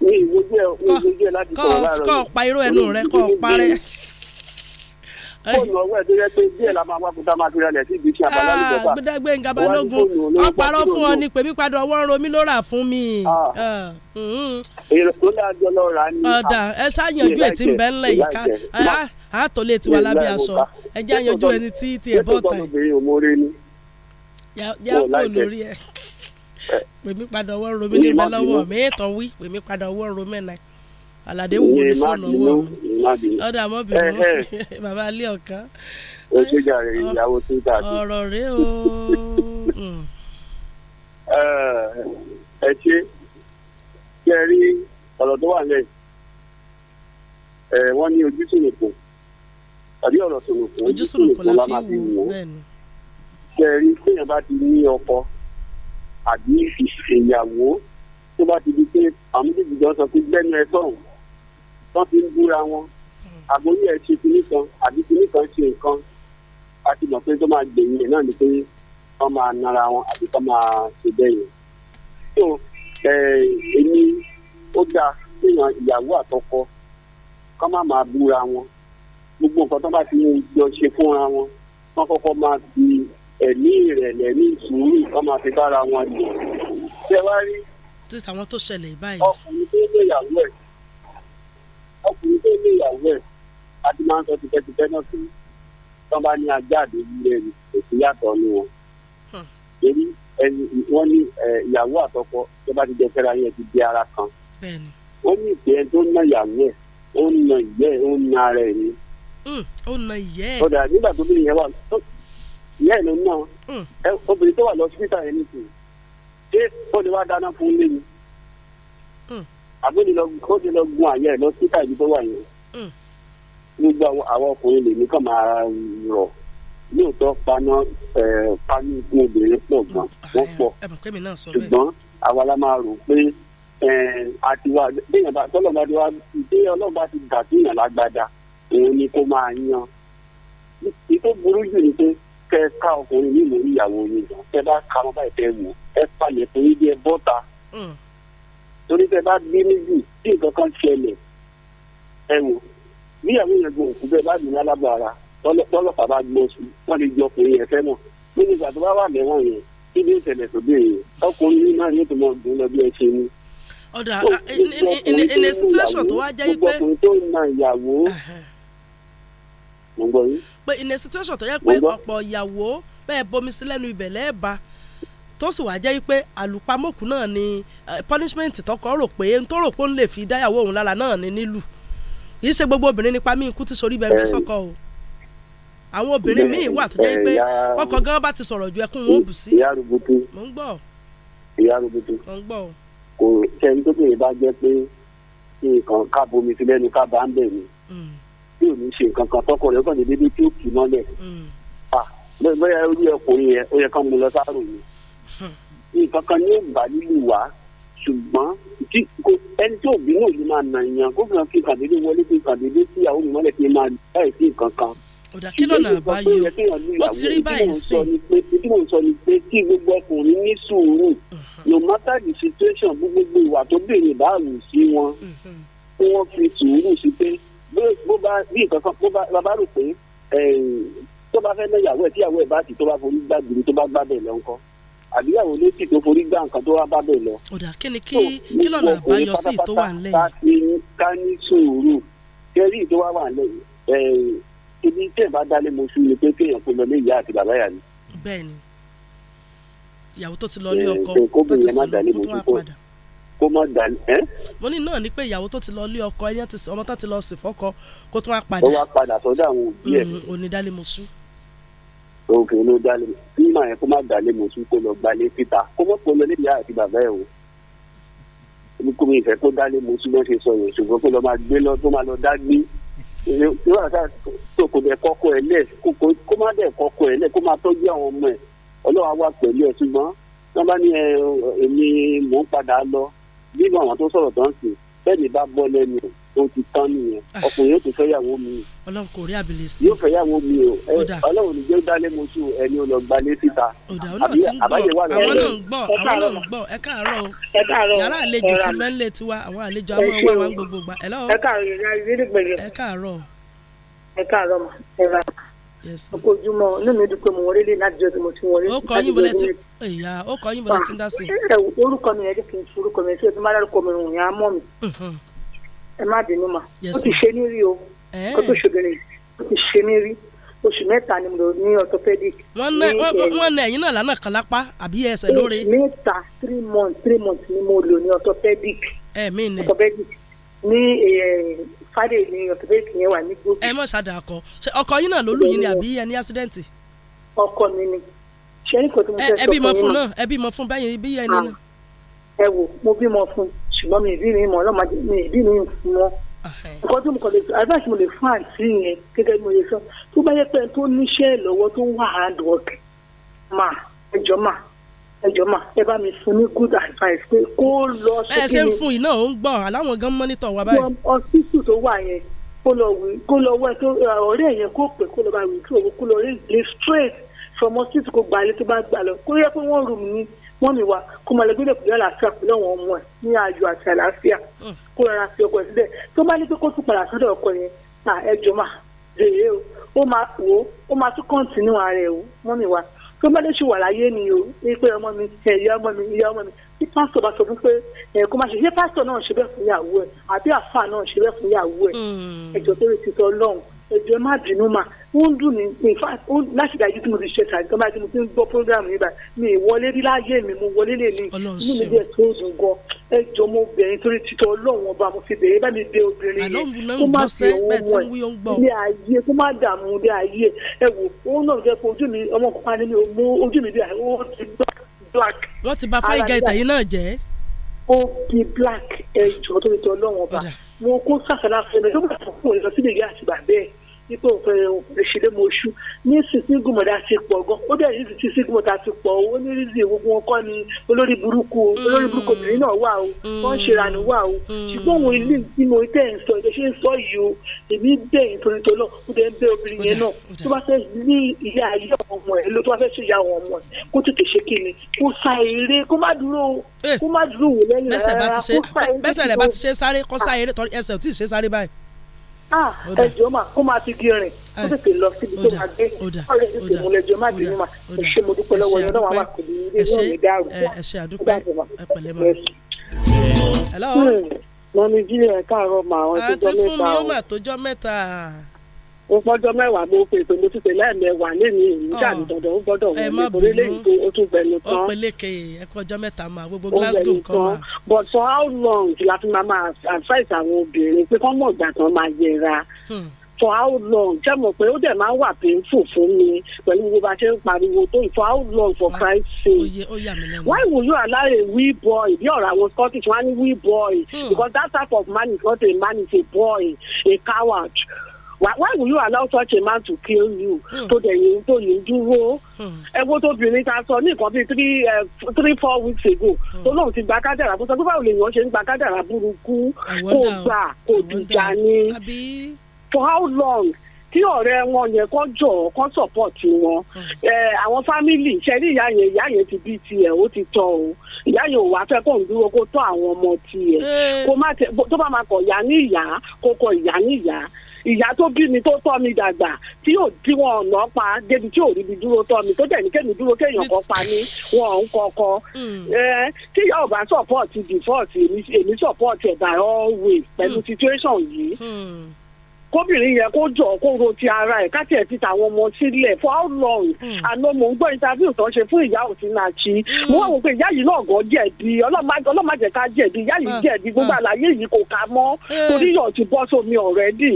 ní ìwojú ẹ ní ìwojú ẹ láti kọ̀ ọ́ láàárọ̀ yìí. kọ́ ọ pa irú ẹnu rẹ kọ́ ọ parẹ́ fóònù ọwọ́ ẹ̀ tó yẹ pé díẹ̀ la máa wá fún tamati rẹ̀ sí ibi tí abala ah, ló bẹ̀ta. gbẹdẹgbẹ nga balógun ọparọ́ fún ọ ni pèmí padà ọwọ́ ń romí ló rà fún mi. Ah. Eh, mhm. èrò tó dájọ́ lọ rà ní. ọ̀dà ah, ẹ ṣáàyànjú ètí ń bẹ́ ńlẹ̀ yìí ká àtò lè tiwa lábẹ́ aṣọ ẹ jẹ́ àyànjú ẹni tí tiẹ̀ bọ́ ta yìí. yà á kó lórí ẹ pèmí padà ọwọ́ ń romí ní ìbálòwọ̀ mi ìtàn wí pèmí padà ọwọ́ ń romí náà alade ń wọlé fóònù ọwọ́ mi ọ̀dà mọ́ bínú bàbá ilé ọ̀kan ọ̀rọ̀ rẹ o. Hmm. ẹ ṣe kí ẹ rí ọ̀rọ̀ tó wà lẹ́yìn wọ́n ní ojú sùnùkù tàbí ọ̀rọ̀ sùnùkù ojú sùnùkù la máa fi wò ó kí ẹ rí kéèyàn bá ti ní ọkọ àbí ìyàwó tó bá ti di pé àmúdìdì jọ sọ pé gbẹ́nu ẹ sọ̀rọ̀ wọ́n fi ń búra wọn hmm. àgbóyè ẹ̀ ṣe kinní kan àbí kinní kan ṣe nǹkan a ti mọ̀ pé tó máa gbẹ̀yìn rẹ̀ náà ni pé wọ́n máa nara wọn àbí kọ́ máa ṣe bẹ́ẹ̀ yẹn. so èmi ó dáa kéèyàn ìyàwó àtọkọ kọ́ má máa búra wọn gbogbo nǹkan tó bá ti ń jọ ṣe fúnra wọn wọ́n kọ́kọ́ máa fi ẹ̀mí ìrẹ̀lẹ̀ ní sùúrù kọ́ máa fi bára wọn lò. ṣé wàá rí. tí àwọn tó ṣẹlẹ̀ báyìí. ọkùnrin tó ń lò ìyàwó ẹ̀ ọkùnrin tó ní ìyàwó ẹ̀ láti máa ń sọ tipẹ́tipẹ́ náà sí tó bá ní ajáde ilé rẹ̀ kò sí yàtọ̀ ní wọn. èyí hmm. wọ́n ní ìyàwó àtọkọ tó bá ti jẹ fẹ́ra yẹn ti di ara kan. wọ́n ní ìpè tó ná ìyàwó ẹ̀ ó na ìyẹ́ ẹ̀ ó na ara ẹ̀ ni. Hmm, ó na ìyẹ́ ẹ̀. ọ̀dà nígbà tó bí ìyẹn wà ìyá ẹ̀ ló ná hmm. obìnrin tó wà lọ sí àbójúlọ́gbọ́n ti lọ gun àyẹ̀ lọ sí káàdì tó wà yẹn nígbà hmm. àwọn ọkùnrin lèmi kàn máa rọ̀ lóòótọ́ paná paná ikú obìnrin pọ̀ gan wọ́n pọ̀ ṣùgbọ́n àwa la máa rò pé àtiwá bíyàn bá tọ́lọ̀ bá ti wá bí ọlọ́run bá ti gbà síyàn lágbádá òun ni kó máa yan ìtò burú jù ni pé kẹ ká ọkùnrin yìí lórí ìyàwó yìí kẹ bá ka wọn báyìí tẹ wò ẹ palẹ̀ torí bí ẹ bọ́ta. Hmm torí tẹ bá bí méjì tí nǹkan kan ṣẹlẹ̀ ẹ bí àwọn èèyàn gbọ́ òkú bẹ́ẹ̀ bá dùn lálábàárà tọ́lọ́pàá bá gbọ́ sí wọ́n lè jọ ọkùnrin yẹn fẹ́ràn nínú ìgbà tó bá wà lẹ́wọ̀n yẹn kí ní ìṣẹ̀lẹ̀ tó bẹ̀ yẹn ọkùnrin náà yóò tó mọ dùn lọ bí ẹ ṣe ní. ọ̀dà in a situation tó wá jẹ́ pé. gbogbo ọkùnrin tó ń na ìyàwó. ọ̀pọ̀ ìyàwó bẹ́ẹ̀ bomi sí lẹ́nu ibẹ̀ lẹ́ẹ̀ tó sì wá jẹ́ pé àlùpàmọ́kù náà ni eh, punishment tọkọ rò pé n tó rò pé òun lè fi dáyàwó òun lára náà ni nílù kì í ṣe gbogbo obìnrin nípa mí ikú ti sorí bẹ́ẹ̀ sọ́kọ o àwọn obìnrin míì wà tó jẹ́ pé eh, ọkọ gan bá ti sọ̀rọ̀ ju ẹkún wọn ò bù sí. ìyá rògbòtò mò ń gbọ́. ìyá rògbòtò mò ń gbọ́. kò sẹ́ni tó bèrè bá jẹ́ pé nǹkan kábomi sílẹ̀ ní kábà ń bẹ̀ ni hmm. tí ò ṣe nǹkan kan tọkọ rẹ̀ kàn ní débi tí ó kì í mọ́lẹ̀. bẹ́ẹ̀ hmm. ah, bẹ́ẹ̀ orí ẹkùnrin yẹn ó yẹ kán mú lọ sáárò yìí nǹkan ní ìgbà wa ṣùgbọ́n tí kò ẹni tó bínú òní máa nà yàn gómìnà kí kàdédé wọlé kí kàdédé sí àwọn ìmọ̀lẹ̀ kí máa bẹ́ẹ̀ sí nǹkan ọ̀dà kí lọ́nà àbáyọ ó ti rí báyìí sí. tí mo sọ ni pé kí gbogbo ọkùnrin ní sùúrù uh-huh. no matter the situation gbogbo ìwà tó béèrè báàlù sí wọn uh-huh. kí wọ́n fi sùúrù sí pé bó bá bí nǹkan bó bá bá rò pé tó bá fẹ́ lẹ́yàwó ẹ̀ tíyàwó ẹ̀ bá ti tó bá forí gbàgbére tó bá gbábẹ̀ lọ́nkọ́ àbí àwọn olóṣì tó forí gbá nǹkan tó wá bá bẹ̀ lọ. ọ̀dà kí ni kí kí lọ́nà àbáyọ sí tó wà nílẹ̀ yìí. ká ní sùúrù kẹ́rì tó wá wà nílẹ̀ yìí ibi tẹ̀ bá dálé mo sún ni pé kéèyàn kó lọ ní ìyá àti bàbá yà ni. bẹ́ẹ̀ni ìyàwó tó ti lọ lé ọkọ tó ti sọ lóko tó wà padà. kó má dání mo ní náà ni pé ìyàwó tó ti lọ lé ọkọ ẹni ọmọ tó ti lọ sí fọkọ kó tó wà padà. ó wà padà sọ́dọ̀ àwọn òbí ẹ̀. onídàlẹ́ mm, mo sún òkè ló dálé kí màá yẹn kó má dálé mọ̀tú kó lọ gbalé síta kó mọ̀ kó lọ níbi àti bàbá ẹ̀ o kó mi ìfẹ́ kó dálé mọ̀tú bẹ́ẹ̀ ṣe sọ yẹn ṣùgbọ́n kó lọ máa gbé lọ tó máa lọ dá gbé nígbà tá tó kò dẹ̀ kọ́kọ́ ẹ̀ lẹ̀ kó má dẹ̀ kọ́kọ́ ẹ̀ lẹ̀ kó má tọ́jú àwọn ọmọ ẹ̀ ọlọ́wà wà pẹ̀lú ẹ̀ ṣùgbọ́n wọ́n bá ní èmi mò ń padà lọ bí àwọn tó sọ̀rọ̀ tó ń bẹ́ẹ̀ ni bá bọ́ lẹ́nu o ti tán nìyẹn ah. ọkùnrin yóò tó fẹ́yàwó mi. ọlọ́run kò rí àbílẹ̀ mi o ọlọ́run ní jẹ́ dálé mo sùn ẹni ò lọ gbalé síta. ọ̀dà àwọn náà ń gbọ́ àwọn náà ń gbọ́ ẹ káàárọ̀ o yàrá àlejò ti mẹ́lẹ̀ tiwa àwọn àlejò àwọn ọmọ wa ń gbogbo gbà ẹ lọ́wọ́. ẹ káàárọ̀ ẹ káàárọ̀ ẹ káàárọ̀ ma ẹ ra ọkọ ojúmọ́ inú mi dúpẹ́ mo wọlé lé láti jọ mo ti wọlé. ó kọ yín bọ̀lẹ̀ tí ìyá ó kọ yín bọ̀lẹ̀ tí ń dá sí. Ah. orúkọ mi yẹn kì í ṣe orúkọ mi yẹn tí o ti máa dárúkọ mi rùn yẹn á mọ̀ mi ẹ má dínú mà ó ti ṣe mí rí o ó ti ṣòbìnrin ó ti ṣe mí rí oṣù mẹ́ta ni mo ní orthopedic. wọ́n ná wọ́n ná ẹ̀yin náà lánàá kan lápá àbí ẹsẹ̀ lóore. mẹ́ta three months three months ni mo lò ní orthopedic. ẹ eh, mi nẹ orthopedic ní eh, friday ní orthopedic yẹn wà ní gbòógì. ẹ mọ̀ ṣáda ọkọ ọkọ yín náà ló lù yín ni àbí ẹni accident. ọkọ mi ni ṣé ní kò tó mo eh, fẹ́ sọ fún yín náà. ẹ bímọ fún náà ẹ bímọ fún báyìí bí ẹni ah. náà. ẹ wò mo bímọ fún un ṣùgbọ́n mi ìbí mi mọ̀ ọlọ́mọdé mi ìbí mi mọ̀ nǹkan tí mo kàn lè fi advice mo lè fún àǹtí yẹn gẹ́gẹ́ bí mo lè sọ tó bá yẹ pé tó níṣẹ́ lọ́wọ́ tó wà hard work mà ẹjọ́ mà ẹjọ́ mà ẹ bá mi fún ní good advice pé kó lọ ṣe kí ni. ẹ ṣe ń fún iná ò ń gbọ́ aláwọn gan mọ́nítọ̀ wa báyìí. ọsítù tó wà yẹn kó lọ wí kó lọ wẹ tó ọ̀rẹ́ yẹn kó pè kó lọ bá wí kó lọ rí straight from ọsítù kó gbà lé tó bá gbà lọ kó yẹ pé wọ́n rùm ní mọ́mí wa kó máa lọ gbé pẹ̀lú àlàáfíà pẹ̀lú àwọn ọmọ ẹ̀ ní ayọ̀ àti àlàáfíà hmm. kó rárá fi ọkọ ẹ̀ síbẹ̀ tó bá ní pé kó tún padà sọ́dọ̀ ọkọ yẹn à ẹ mà rèé o ó máa wò ó ó máa tún kọ́ǹtínú ara ẹ̀ o mọ́mí wa tó bá lè ṣe wà láyé ni o ní pé ọmọ mi ìyá ọmọ mi ìyá ọmọ mi tí pásítọ̀ bá sọ fún pé kó má ṣe ṣe pásítọ̀ náà ṣe bẹ́ẹ̀ fún ìyàwó ẹ̀ àbí àfáà náà ṣe bẹ́ẹ̀ fún ìyàwó ẹ̀ ẹ̀jọ̀ tó lè ti sọ ọlọ́run ẹ̀jọ̀ má bínú mà ó ń dùn ní in fact ó láti dájú tí mo ti ṣe tàbí tọ́ba tí mo ti ń gbọ́ program yìí báyìí mi ìwọlé rí láyé mi mo wọlé lè ní inú mi jẹ́ tó dùn gan ẹ jọ mo bẹ̀rẹ̀ nítorí títọ́ ọlọ́run ọba mo fi bẹ̀rẹ̀ bá mi dé obìnrin yẹn kó má fi owó mọ̀ ilé ayé kó má dààmú ilé ayé ẹ wò ó náà jẹ́ pé ojú mi ọmọ kọ́kọ́ ni mi ojú mi bí i ó ti black. wọ́n ti bà fáìgà ìtàyé náà jẹ́ ó bí black ẹjọ tó ti tọ lọ́wọ́n ọba wọn kó sàfẹ́lá fún mi lọ́wọ́ àtọ́kùn ìlọsílẹ̀ yìí àti ní pé òun fẹ́ òun ṣe lé mo ṣú ní sísígùmọ̀ dá ti pọ̀ gan ó dẹ̀ ní sísígùmọ̀ dá ti pọ̀ ó ní rí ìwé gbogbo wọn kọ́ ni olórí burúkú mm. olórí burúkú obìnrin náà wà o mm. wọ́n ń ṣèrànú wà o mm. ṣùgbọ́n òun ilé tí mo tẹ̀ ń sọ ìdẹ́ṣẹ́ ń sọ yìí o èmi bẹ̀ nítorí tó lọ ó dẹ̀ ń bẹ obìnrin yẹn náà tó bá fẹ́ ní ilé ayé ọmọ ẹ̀ ló tó bá fẹ́ ṣe ìyá ọmọ ẹ̀ kó tètè ṣe kí ni kó sa eré kó Ah, ẹ jọ máa kó máa fi gírin kó tètè lọ síbi tó máa gbé ọ̀rẹ́ yìí ti múlẹ̀ jọ máa bínú ma ẹ ṣe mo dúpẹ́ lọ́wọ́ yẹn náà wàá wà kò ní ilé náà lè dárò ẹ ṣe àdúpẹ́ ẹ pẹ̀lẹ́ ma. hello. mọ̀mí jílẹ̀ káàárọ̀ mà àwọn tó jọ mẹ́ta àti fún mi ó mà tó jọ mẹ́ta mo fọjọ́ mẹ́wàá mo pè pé mo ti pè lẹ́ẹ̀mẹ́wàá lẹ́ni ìjà ah. dandan ó gbọ́dọ̀ wọlé orílẹ̀ èdè ó tún gbẹnu tán. ọ̀pẹ̀lẹ̀kẹ̀ ẹ̀kọ́ ọjọ́ mẹ́ta máa gbogbo Glasgow nǹkan máa. but for how long la fi máa máa advise àwọn obìnrin pé kán mọ̀ ìgbà kan máa yẹra hmm. for how long jẹ́ mọ̀ pé ó dẹ̀ máa ń wà painful fún mi pẹ̀lú gbogbo bá ṣe ń pariwo tó for how long for Christ sake why would you allow a wee boy bí ọ̀rọ̀ àwọn Scottish wọ́n á ní wee boy hmm. because that type of man is not a man is a boy a coward why, why will you allow such a man to kill you tó dẹ̀ yín tó yín dúró hmm. ẹ wo tóbìnrin ta sọ ní nǹkan bíi three three four weeks ago hmm. tó lóun ti gba kádàrà fún sọ pé báwo lèèyàn ṣe ń gba kádàrà burúkú kó gbà kó dìjà ni for how long tí ọ̀rẹ́ wọn yẹn kọ́ jọ̀ kọ́ support wọn hmm. àwọn family ṣẹ́rí ìyá yẹn ìyá yẹn ti bí tiẹ̀ ó ti tọ́ o ìyá yẹn ò wá fẹ́ kó ń dúró kó tọ́ àwọn ọmọ tiẹ̀ kó má tẹ tó bá máa kọ̀ ìyá ní ìyá kó kọ ìyá ní ìyá ìyá tó bí mi tó tọ́ mi dàgbà tí yóò dí wọn ọ̀nà pa débi tí òrí mi dúró tọ́ mi tó dẹ̀ ní dúró kéèyàn kan pa ní wọn ò ń hmm. tí ìyá ọba support default èmi support ẹ̀ by all way pẹ̀lú hmm. situation yìí. Hmm kóbìnrin yẹn kó jọ kó ro ti ara ẹ̀ káti ẹ̀ ti tàwọn ọmọ sílẹ̀ for how long hmm. àná mò ń gbọ́ interview tán ṣe fún ìyá Osinachi hmm. mo wá wò pé ìyá yìí náà gọ́ jẹ̀bi ọlọ́màjẹ̀ ká jẹ̀bi ìyá yìí ah. jẹ̀bi gbogbo ah. àlàyé yìí kò ká mọ́ eh. torí yóò ti bọ́ sómi already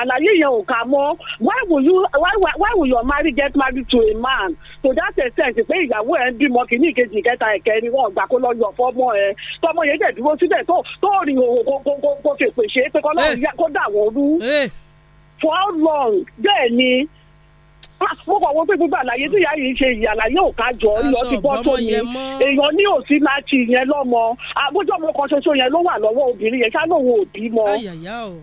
àlàyé yẹn ò kà mọ́ why will you why why why will your marriage get married to a man to that extent pé ìyàwó ẹ̀ ń bímọ kìíní ìkejì ìkẹta ẹ̀kẹrin wọn gbà kó lọ yọ fọ́mọ ẹ̀ tọmọ yẹn dẹ̀ dúró síbẹ̀ tó tó rìn òhò kó kó kó fèpèsè pé kọ́ lọ́ọ̀ eh. kó dà wọ́n rú eh. for how long bẹ́ẹ̀ ni gbogbo àwọn pé gbogbo àlàyé tí ìyá yìí ṣe ìyàlàyé òkájọ lọ ti bọ́ tó èèyàn ní òsì láti yẹn lọ́mọ àbójọ́ ọmọ kan ṣoṣo yẹn ló wà lọ́wọ́ obìnrin yẹn ṣáná òun ò bí mọ́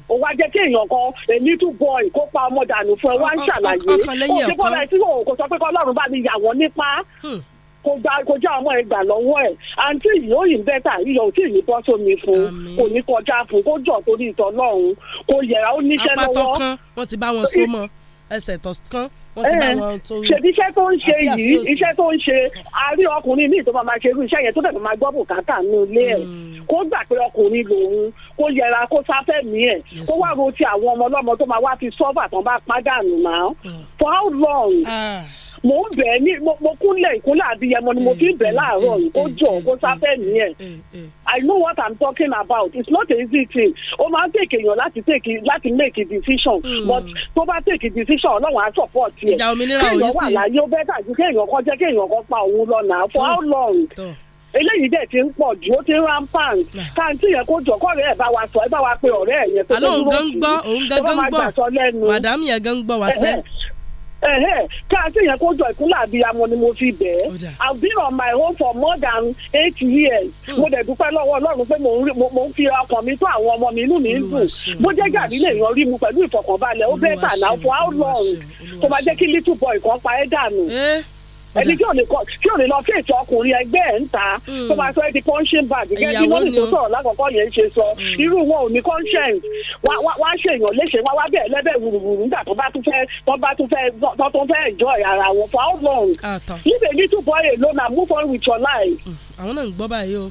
ó wá jẹ́ kí èèyàn kan èmi tún bọ ìkópa ọmọ dànù fún ẹ wá ń ṣàlàyé ó ṣe bọ́lá ẹ tí kò sọ pé kọ́lọ́run bá mi yà wọ́n nípa hmm. kò gba kò já ọmọ ẹ gbà lọ́wọ́ ẹ̀ àǹtí yóò yìn bẹ́tà yíyọ òtí yìí bọ́ sómi fún kò ní kọjá fún kó jọ torí ìtọ́ lọ́hùn kò yẹra ó níṣẹ́ lọ́wọ́. apá tó kán wọ́n ti bá wọn so mọ́ ẹsẹ̀ tó kán wọ́n ti bá eh, wọn tó. ṣèbí iṣẹ́ tó ń ṣe yìí iṣẹ́ tó ń ṣe a rí ọkùnrin míì tó máa ṣe irú iṣẹ́ yẹn tó dẹ̀ máa gbọ́ bùkátà nínú ilé ẹ̀ hmm. kó gbà pé ọkùnrin lòun kó yẹra kó sáfẹ́ mi ẹ̀ kó wá ro ti àwọn ọmọ ọlọ́mọ tó máa wá fi sọ́ọ̀bà tán bá pàdánù náà hmm. for how long. Uh. mo ń bẹ̀ ẹ́ ní mo kúnlẹ̀ ìkúnlẹ̀ àbíyẹmọ ni mo fi ń bẹ̀ láàárọ̀ yìí kó jọ̀ kó sáfẹ́ nìyẹn eh, eh, eh, I know what I'm talking about it's not easy thing ó máa ń tèkè èèyàn láti make a decision hmm. but tó bá take a decision ọlọ́run á support ẹ̀ kéèyàn wà láyé ó bẹ́ẹ̀ tàbí kéèyàn kan jẹ́ kéèyàn kan pa òun lọ́nà for how long eléyìí dẹ̀ ti ń pọ̀ ju ó ti ń rampant káàntì yẹn kó jọ kọ́ ọ̀rẹ́ bá wa sọ kí a sì yẹn kó jọ ìkúnlẹ̀ àbíyamọ ni mo fi bẹ̀ ẹ́ I've been on my own for more than eight years hmm. mo dẹ̀ dúpẹ́ lọ́wọ́ Ọlọ́run pé mo ń fi ọkàn mi tó àwọn ọmọ mi inú mi ń dùn bó jẹ́ gàdí lè yan rí mu pẹ̀lú ìfọkànbalẹ̀ ó bẹ́ẹ̀ tà náà for how long tó bá jẹ́ kí little boy kan pa ẹ́ dànù. Eh? ẹni tí ò lè kọ tí ò lọ sí ètò ọkùnrin ẹgbẹ́ ẹ̀ ń ta hmm. tó bá sọ ẹ́ punching bag gẹ́gẹ́ bí lọ́nà tó sọ̀rọ̀ lákọ̀ọ́kọ́ yẹn ṣe sọ hmm. irú wọn ò conscience wá wá ṣèyàn léṣe wá wá bẹ́ẹ̀ lẹ́bẹ̀ wùrùwùrù nígbà tó bá tún fẹ́ tó bá tún fẹ́ tó tún fẹ́ enjoy ara wọn for how long ah, leave a little boy alone and move on with your life. Hmm. àwọn náà ń gbọ́ báyìí o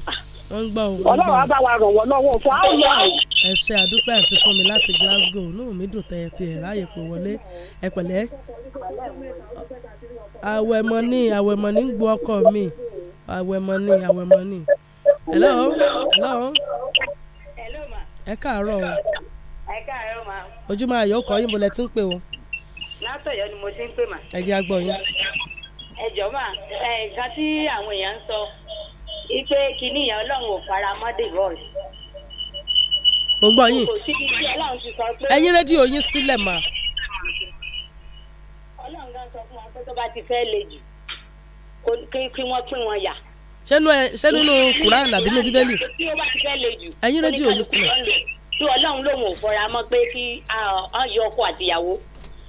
wọ́n ń gbọ́ o. ọlọ́run ẹ ṣe àdúpẹ́ àti fún mi láti Glasgow inú mi dùn tẹ̀ ẹ̀ ráàyè pé wọlé ẹ pẹ̀lẹ́ àwẹ̀mọ̀ ni àwẹ̀mọ̀ ni ń gbọ́ ọkọ mi àwẹ̀mọ̀ ni àwẹ̀mọ̀ ni. hello hello ẹ káàárọ̀ o. ẹ káàárọ̀ ma. ojú máa yọ ọkọ yín bó lẹ ti ń pè o. látọ̀yọ́ ni mo ti ń pè mà. ẹ jẹ́ agbọ́ yín. ẹ jọ mà ẹ nǹkan tí àwọn èèyàn ń sọ ipe kìíní yẹn ọlọ́run ò fara mọ́ divorce mo ń gbọ́ yín ẹ̀yin rédíò yín sílẹ̀ mà. bá ti fẹ́ le jù kí wọ́n pín wọn yà. sẹ́nu ẹ sẹ́nu nù kùránì àbí nù bíbélì. tí ó bá ti fẹ́ le jù. ẹ̀yin rédíò sílẹ̀. tí ọlọ́run mọ́ pé kí ọ yọ ọkọ àtìyàwó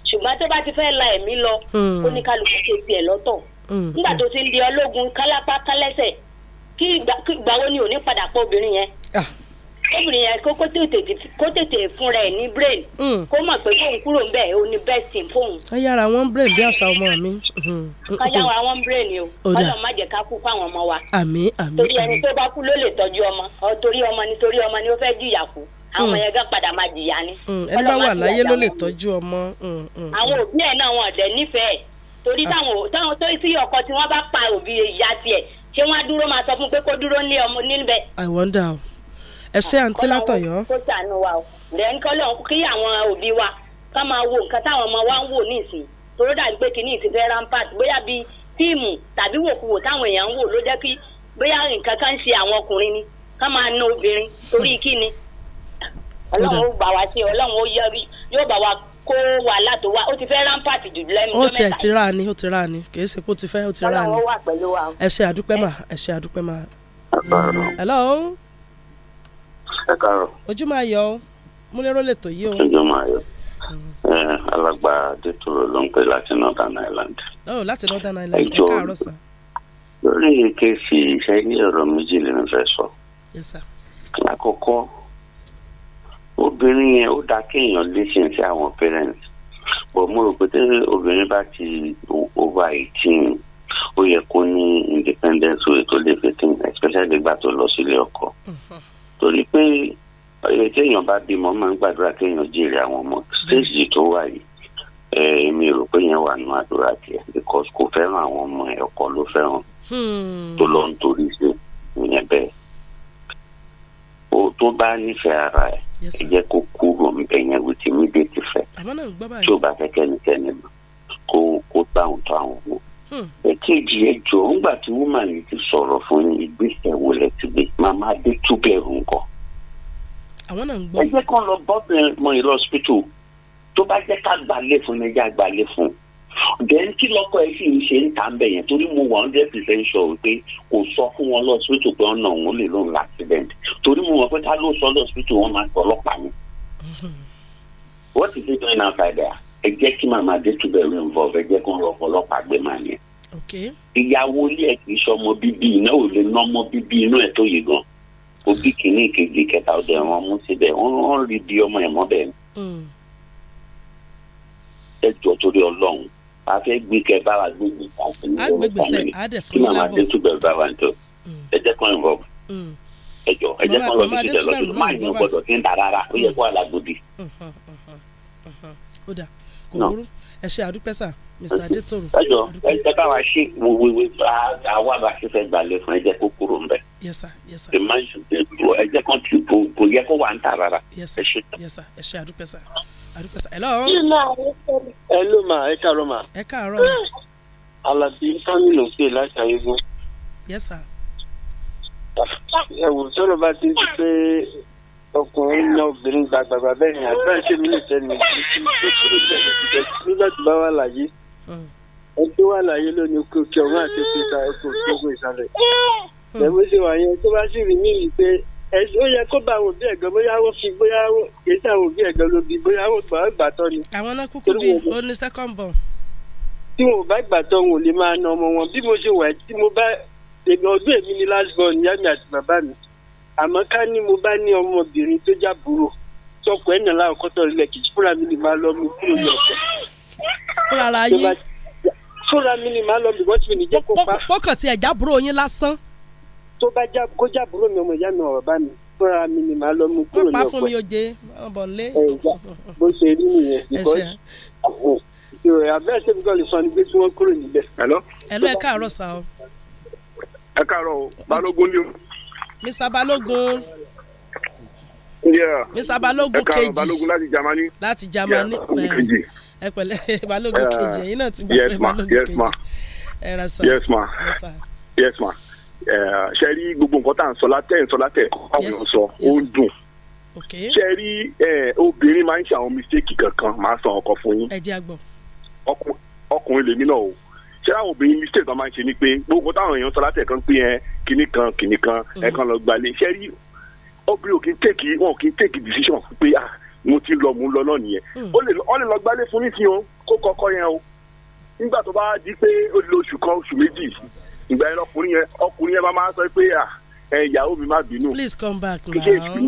ṣùgbọ́n tó bá ti fẹ́ la ẹ̀mí lọ hmm. ṣe tiẹ̀ lọ́tọ̀ hmm. nígbà tó kóbìnrin yẹn kó tètè fúnra ẹ̀ ní brain hmm. kó mọ̀ pé kóun kúrò ń bẹ̀ ó ní best fóun. ká yára wọn brain bí àṣà ọmọ mi. Hmm. Hmm, ká yára wọn brain o ọlọ́run má jẹ́ ká kú fáwọn ọmọ wa. àmín àmín àmín. torí ẹni tó bá kú ló lè tọ́jú ọmọ torí ọmọ ni torí ọmọ ni ó fẹ́ jìyà kú àwọn yẹn gan padà máa jìyà ni. ẹni bá wà láyé ló lè tọ́jú ọmọ. àwọn òbí ẹ̀ náà wọn ọ̀dẹ̀ nífẹ̀ẹ́ torí ah. táwọn tó I wonder. ẹ ṣe àǹtí látọ̀yọ́. kó ṣàánú wa o lẹ́yìn kọ́ lọ́n kí àwọn òbí wa ká máa wo nǹkan táwọn ọmọ wa ń wò dàbí pé kìíní ti fẹ́ rampart bóyá bí tàbí táwọn èèyàn ń wò ló jẹ́ kí bóyá nǹkan kan ṣe àwọn ọkùnrin ni ká máa ná obìnrin torí yọ wá ti fẹ́ ti rà ni ó ti rà ni kì ẹ káàárọ̀. ojú máa yọ ọ múlẹ́rọ́ lè tó yí o. ojú máa yọ mm. alàgbà adétòrò ló ń pè láti northern ireland. ọ láti northern ireland ẹ káàárọ̀ sà. lórí kéèsì iṣẹ́ ní ọ̀rọ̀ méjì lèmi fẹ́ sọ. lákọ̀ọ́kọ́ obìnrin yẹn ó dáa kéèyàn listen sí àwọn parents bọ̀ mo rò pé tí obìnrin bá ti over eighteen ó yẹ kó ní independence way tó lè fi tún especially gbà tó lọ sílé ọkọ. Mm-hmm torí pé eh, téèyàn bá bímọ máa ń gbàdúrà kéèyàn jèrè àwọn ọmọ stéèjì tó wà yìí eh, èmi rò pé yẹn wà nínú àdúrà tiẹ̀ because kò fẹ́ràn àwọn ọmọ ẹ̀ ọkọ ló fẹ́ràn hmm. tó lọ ń torí ṣe ìyẹn bẹ́ẹ̀ o tó bá nífẹ̀ẹ́ ara ẹ̀ ẹ jẹ́ kó kúrò ẹ̀yẹn wìtí mídìí ti fẹ́ tí o bá fẹ́ kẹ́nikẹ́ni mọ̀ kó kó bá òun tó èkejì ẹ jọ̀ọ́ ńgbà tí woman yìí ti sọ̀rọ̀ fún yín ìgbésẹ̀ wo lẹ ti gbé màmá adé túbẹ̀rù nǹkan. àwọn náà ń gbọ́. ẹ jẹ́ kán lọ bọ́ọ̀bù mọ ìlú hospital tó bá jẹ́ ká gbalẹ̀ fún ẹ jẹ́ àgbalẹ̀ fún then kí lọ́kọ ẹ sì ń ṣe ń ta bẹ̀ yẹn torí mo wà hundred percent sure wípé kò sọ fún wọn lọ pé ọ̀nà òun lè lóun accident torí mo mọ̀ pé ká ló sọ lọ wọn máa sọ ọlọ́pàá ni. Mm-hmm. what is he doing outside there? ẹ jẹ́ kí màmá adétúbẹ̀rù involve ẹ jẹ́ kó ń rọ ọlọ́pàá gbé màá yẹn. ìyàwó ilé ẹ kì í ṣe ọmọ bíbí iná ò lè ná ọmọ bíbí inú ẹ tó yìí gan òbí kìíní kejì kẹta ọdẹ wọn mú síbẹ̀ wọ́n rí bí ọmọ ẹ mọ bẹ́ẹ̀ ni. Mm. ẹ jọ torí Ọlọ́run a fẹ́ gbé kẹ bára gbégbé kan fún mi kí màmá adétúbẹ̀rù bá wà ní tó ẹ jẹ́ kó involve mm. ẹ jọ ẹ jẹ́ kó lọ bí ti tẹ lọ sí máa yín gbọ́dọ̀ kí n ta rárá ó yẹ kó àlàgbòdì. Mm-hmm, mm-hmm, mm-hmm. ó dáa kò burú ẹ ṣe àdúpẹ́ sà mr adétòrò. ẹ jọ ẹ jẹ káwa ṣe wíwíwí àwa bá ṣe fẹ́ gbalẹ̀ fún ẹ jẹ́ kó kúrò ń bẹ̀. yes sir yes sir. ẹ jẹ́ kó ti kò kò yẹ kó wà ń tà rárá. yes sir yes sir ẹ ṣe àdúpẹ́ sà àdúpẹ́ sà. hello. hello ma ẹ káàárọ̀ ma. ẹ káàárọ̀. alábí samilu pé láti ayégun. yes sir. ẹ wò sọ̀rọ̀ bá ti ń pẹ́ ọkùnrin náà obìnrin gbàgbàgbà bẹ́ẹ̀ ni àdúrà ṣe mí lè tẹ́lẹ̀ nígbà tí bá wà láyé ẹjọ́ wà láyé lónìí kò kí ọ̀run àti pété ọkọ̀ òṣogbo ìsàlẹ̀ lẹ́mú hmm. sí wà yẹn tó bá sì rí mí yìí pé ó yẹ kó bá àwọn òbí ẹ̀gbọ́n bóyá ó fi bóyá ó kì í sí àwọn òbí ẹ̀gbọ́n ló bí bóyá ó gbà ó gbà tọ́ ni. àwọn náà kúkú bí ó ní second born. tí mo bá gbà tọ́ wọn ò lè máa na ọmọ wọn bí mo ṣe wà tí mo bá ọdún èmi ni last born ìyá mi àti bàbá mi àmọ́ ká ní mo bá ní ọmọbìnrin tó jábúrò tọkọ ẹ̀ nà láwọn kọ́tọ̀ rẹ̀ kìí fúnra mi lè máa lọ mi kúrò ní ọ̀sẹ̀. fúnra yín. fúnra mi lè máa lọ mi wọ́n ti ní jẹ́ kó pa. pọ́kàn tiẹ̀ jábúrò yín lásán. tó bá já kó jábúrò mi ọmọ ìyá mi ọ̀rọ̀ bá mi fúnra mi lè máa lọ mi kúrò ní ọ̀pẹ. wọ́n pa fún mi oje ọ̀bọ̀n lé. bó ṣe rí nìyẹn because ìròyìn abẹ́rẹ́ ṣe gbọ́dọ̀ lè sọ ni pé kí kúrò níbẹ̀. ẹ Mr Balogun. Yeah. Mr Balogun kejì. Ẹ̀ka Balógun láti Jamani. Láti Jamani. Ẹ pẹ̀lẹ́ Balógun kejì ẹ̀yin náà ti gbà pé Balógun kejì. Yes ma. Ẹ ra Yes ma. Yes ma. Ṣé rí gbogbo nǹkan tá à ń sọ látẹ̀ ń sọ látẹ̀ àwọn èèyàn sọ ó ń dùn. Ṣé rí obìnrin máa ń ṣe àwọn mistake kankan máa san ọkọ fún yín. Ẹ jẹ́ àgbọ̀. Ọkùnrin lèmi náà o ṣé àwọn mistake kan máa ń ṣe ni pé gbogbo táwọn èèyàn sọ kan pé ẹ kinní kan kinní kan ẹ mm. lọ gbalẹ̀ ṣé rí obìnrin ò kí ń tèkì wọn ò kí ń tèkì decision pé ah mo ti lọ mo ń lọ náà nìyẹn mm. ó lè lọ gbalẹ̀ fún nísìnyí o kó kọ́kọ́ yẹn o nígbà tó bá di pé ó lo oṣù kan oṣù méjì ìgbà yẹn ọkùnrin yẹn ọkùnrin yẹn máa sọ pé ah ìyàwó mi má bínú. please come back now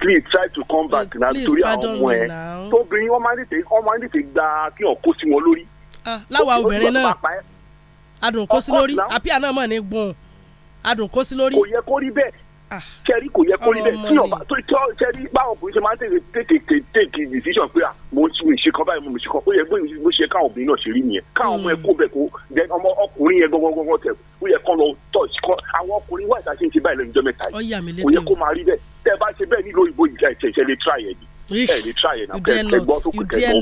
please try to come back now torí àwọn ọmọ ẹ tóbi wọn máa ń tètè gba kí wọn kó sí wọn lórí Ah, láwa obìnrin náà adùn kó sí lórí àpíà náà mọ̀ ní gbọ̀n adùn kó sí lórí. kò yẹ kó rí bẹ́ẹ̀ sẹ́rí ah. kò yẹ kó rí bẹ́ẹ̀ tí ọba tó tọ́ sẹ́rí báwọn ọkùnrin ṣe máa ń tètè tètè tètè decision pé à mo ti wò ìṣe kan báyìí mo ṣe kan ó yẹ pé mo ṣe káwọn obìnrin náà ṣe rí nìyẹn káwọn ọmọ ẹ hmm. kó bẹ́ẹ̀ kó ọmọ ọkùnrin yẹn gọ́gọ́gọ́gọ́ tẹ̀ ó yẹ kán lọ tọ̀ kan àwọn ọkùnrin wà ìtàṣe ń báyìí lẹ́nu ọjọ́ mẹ́ta yìí kò yẹ kó máa rí bẹ́ẹ̀ tẹ́ bá ṣe bẹ́ẹ̀ nílò ìbò ìjà ìṣẹ̀ṣẹ̀ lè try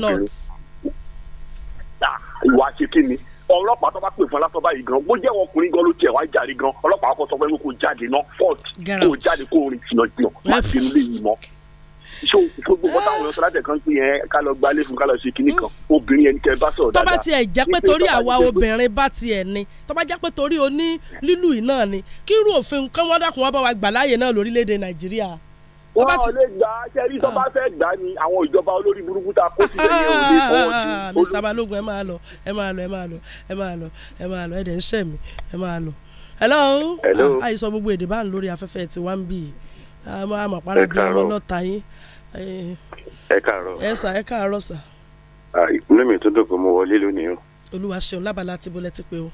ẹ̀ ìwà ṣe kí ni ọlọ́pàá tó bá pè fún alásọ̀bá yìí gan bó jẹ́ ọkùnrin gan ló tiẹ̀ wá jàre gan ọlọ́pàá ọkọ̀ sọ pé kò jáde náà fọ́ọ̀tì kò jáde kó rìn jìnnàjìnnà má fi inú lè yìí mọ́ so gbogbo bọ́tà àwọn ọ̀sán látẹ̀ kan pé yẹn ká lọ gba ilé fún ká lọ ṣe kinní kan mm. obìnrin yẹn ní bá sọ̀rọ̀ dáadáa. tó bá tiẹ̀ jẹ́ pé torí àwa obìnrin bá tiẹ̀ ni tó bá jẹ́ pé torí oní lílù yìí náà ni kí irú òfin kí wọ́n dákun wọn bá wa gbà láàyè náà lórílẹ̀‐èdè Nàìjíríà wọn ò lè gbà á sẹ́rí tó bá fẹ́ gbà á ni àwọn ìjọba olórí burúkú ta kó sílẹ̀ yẹn ò mr balogun ẹ máa lọ ẹ máa lọ ẹ máa lọ ẹ máa lọ ẹ máa lọ ẹ dẹ̀ ń ṣẹ̀ mí ẹ máa lọ. hello ah, àìsàn gbogbo èdè bá ń lórí afẹ́fẹ́ ti wá ń bì í àmọ́ àpárá bíi ọlọ́ta yín. ẹ káàárọ̀ ẹ sà ẹ káàárọ̀ sà. inú mi tó dùn mo wọlé lónìí o. olúwa ṣeun lábala ti bolẹ ti pé o.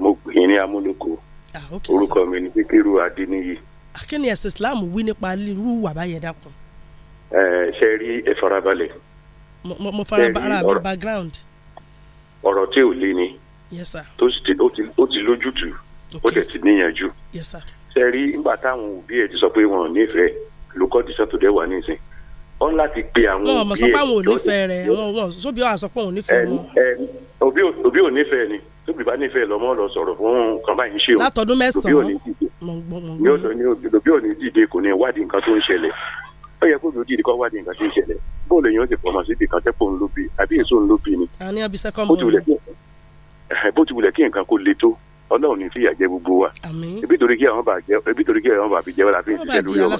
mo gbìn ní amúlòkó ah, orúkọ mi ni kíkírù adéníyì kí ni ẹ̀sìn islam wí nípa irú ìwà báyẹn dákun. ẹ ṣe rí ẹ mo farabalẹ̀ mi background. ọ̀rọ̀ tí ò lé ni. yes sir. tó ti ó ti lójútùú ó dẹ̀ ti níyànjú. yes sir. ṣe rí nígbà táwọn òbí ẹ ti sọ pé wọn ò nífẹ̀ẹ́ lukọ́ ti sọ́tò dẹ́ wà nísìn ó ń láti pe àwọn òbí ẹ. wọn ò mọ̀ sọ pé àwọn ò nífẹ̀ẹ́ rẹ̀ wọn wọn sóbi àwọn àsọpọ̀ wọn nífẹ̀ẹ́ wọn. òbí ò nífẹ̀ẹ́ ni tóbi bá nífẹ̀ẹ́ lọ́mọ́ lọ sọ̀rọ̀ fún kàn báyìí ṣe òbí ò ní mo gbọ́ mo gbọ́. ní ọ̀dọ̀ ní òbí òbí òní dìde kò ní wádìí nǹkan tó ń ṣẹlẹ̀ ó yẹ kó mi dìde kó wádìí nǹkan tó ń ṣẹlẹ̀ bóòlù èèyàn ti fọmọ síbi kan tẹ́pọ̀ ń lóbi àbí èso ń lóbi ni. bó ti wulẹ̀ kí nǹkan kó le tó ọlọ́run ní fìyà jẹ gbogbo wa ebi torí kí àwọn bà fi jẹ wàlá fi ń lórí ọmọ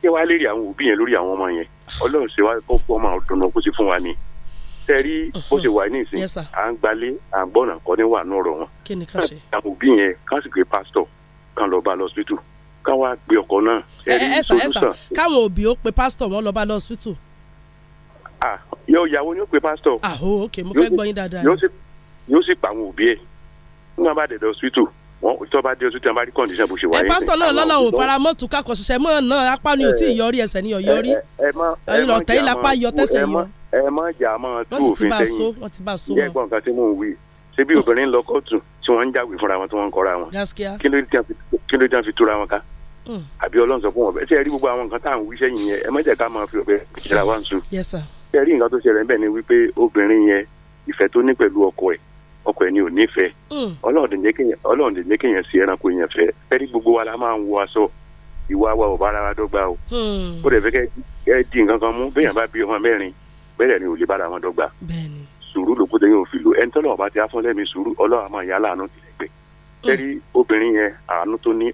kí wàá lè rí àwọn òbí yẹn lórí àwọn ọmọ yẹn ọlọ́run ṣe wá kó fún ọdún náà kó sì fún wa ni tẹ́rí bó ṣe wà ní ìsìn à ń gbalé à ń gbọ́nà kọ́ ní wà ní ọ̀rọ̀ wọn. kí ni ká ṣe. àwọn òbí yẹn ká sì gbé pásítọ̀ kan lọ́ọ́ bá lọ síbítù ká wá gbé ọkọ̀ náà. ẹ ẹ sà ẹ sà káwọn òbí ó pe pásítọ̀ wọn lọ́ọ́ bá lọ síbítù. ah yóò yàwó ni ó pe pásítọ̀. ah oh, ok mo fẹ́ gbọ́ yín dáadáa. yóò sì pa àwọn òbí ẹ̀ ń bá dẹ̀ lọ wọn tó bá dé oṣù tí wọn bá rí condition bó ṣe wáyé. ẹ pásítọ̀ náà lọ́nà ò fara mọ́ tù kákọ̀ ṣiṣẹ́ mọ́ náà apá ni ò tí ì eh, yọrí ẹsẹ̀ ni ọ̀yọ́rí eh, eh, ẹ̀yin ọ̀tẹ́ ìlàpá yọ tẹ̀sẹ̀ yọ. ẹ mọ ìjà máa tú òfin sẹ́yìn wọ́n ti bá a so wọn. yẹ gbọ́n nǹkan tí mò ń wí ṣé bí obìnrin lọ kóòtù tí wọ́n ń jáwé fúnra wọn tí wọ́n ń kọ́ra wọn kí ló dé tí wọ́n fi túra wọn ká hmm. àbí ọlọ́run sọ fún wọn bẹ́ẹ̀ ṣe rí gbogbo àwọn nǹkan tá à ń wí sẹ́yìn yẹn ẹ má jẹ́ ká máa fi ọkọ ẹni ò nífẹ hmm. ọlọ́run lè jẹ́ kéèyàn sí ẹranko yẹn fẹ́ ẹ̀rí gbogbo wa la máa ń wọ aṣọ ìwà wa ò bára wa o hmm. ó dẹ̀ fẹ́ kẹ́ di nǹkan kan mú bẹ́ẹ̀ bá bí ọmọ mẹrin bẹ́ẹ̀ ni ò lè wọn dọ́gba sùúrù ló kó òfin lò ẹni ọba ti sùúrù máa yá láàánú hmm. obìnrin yẹn àánú tó ní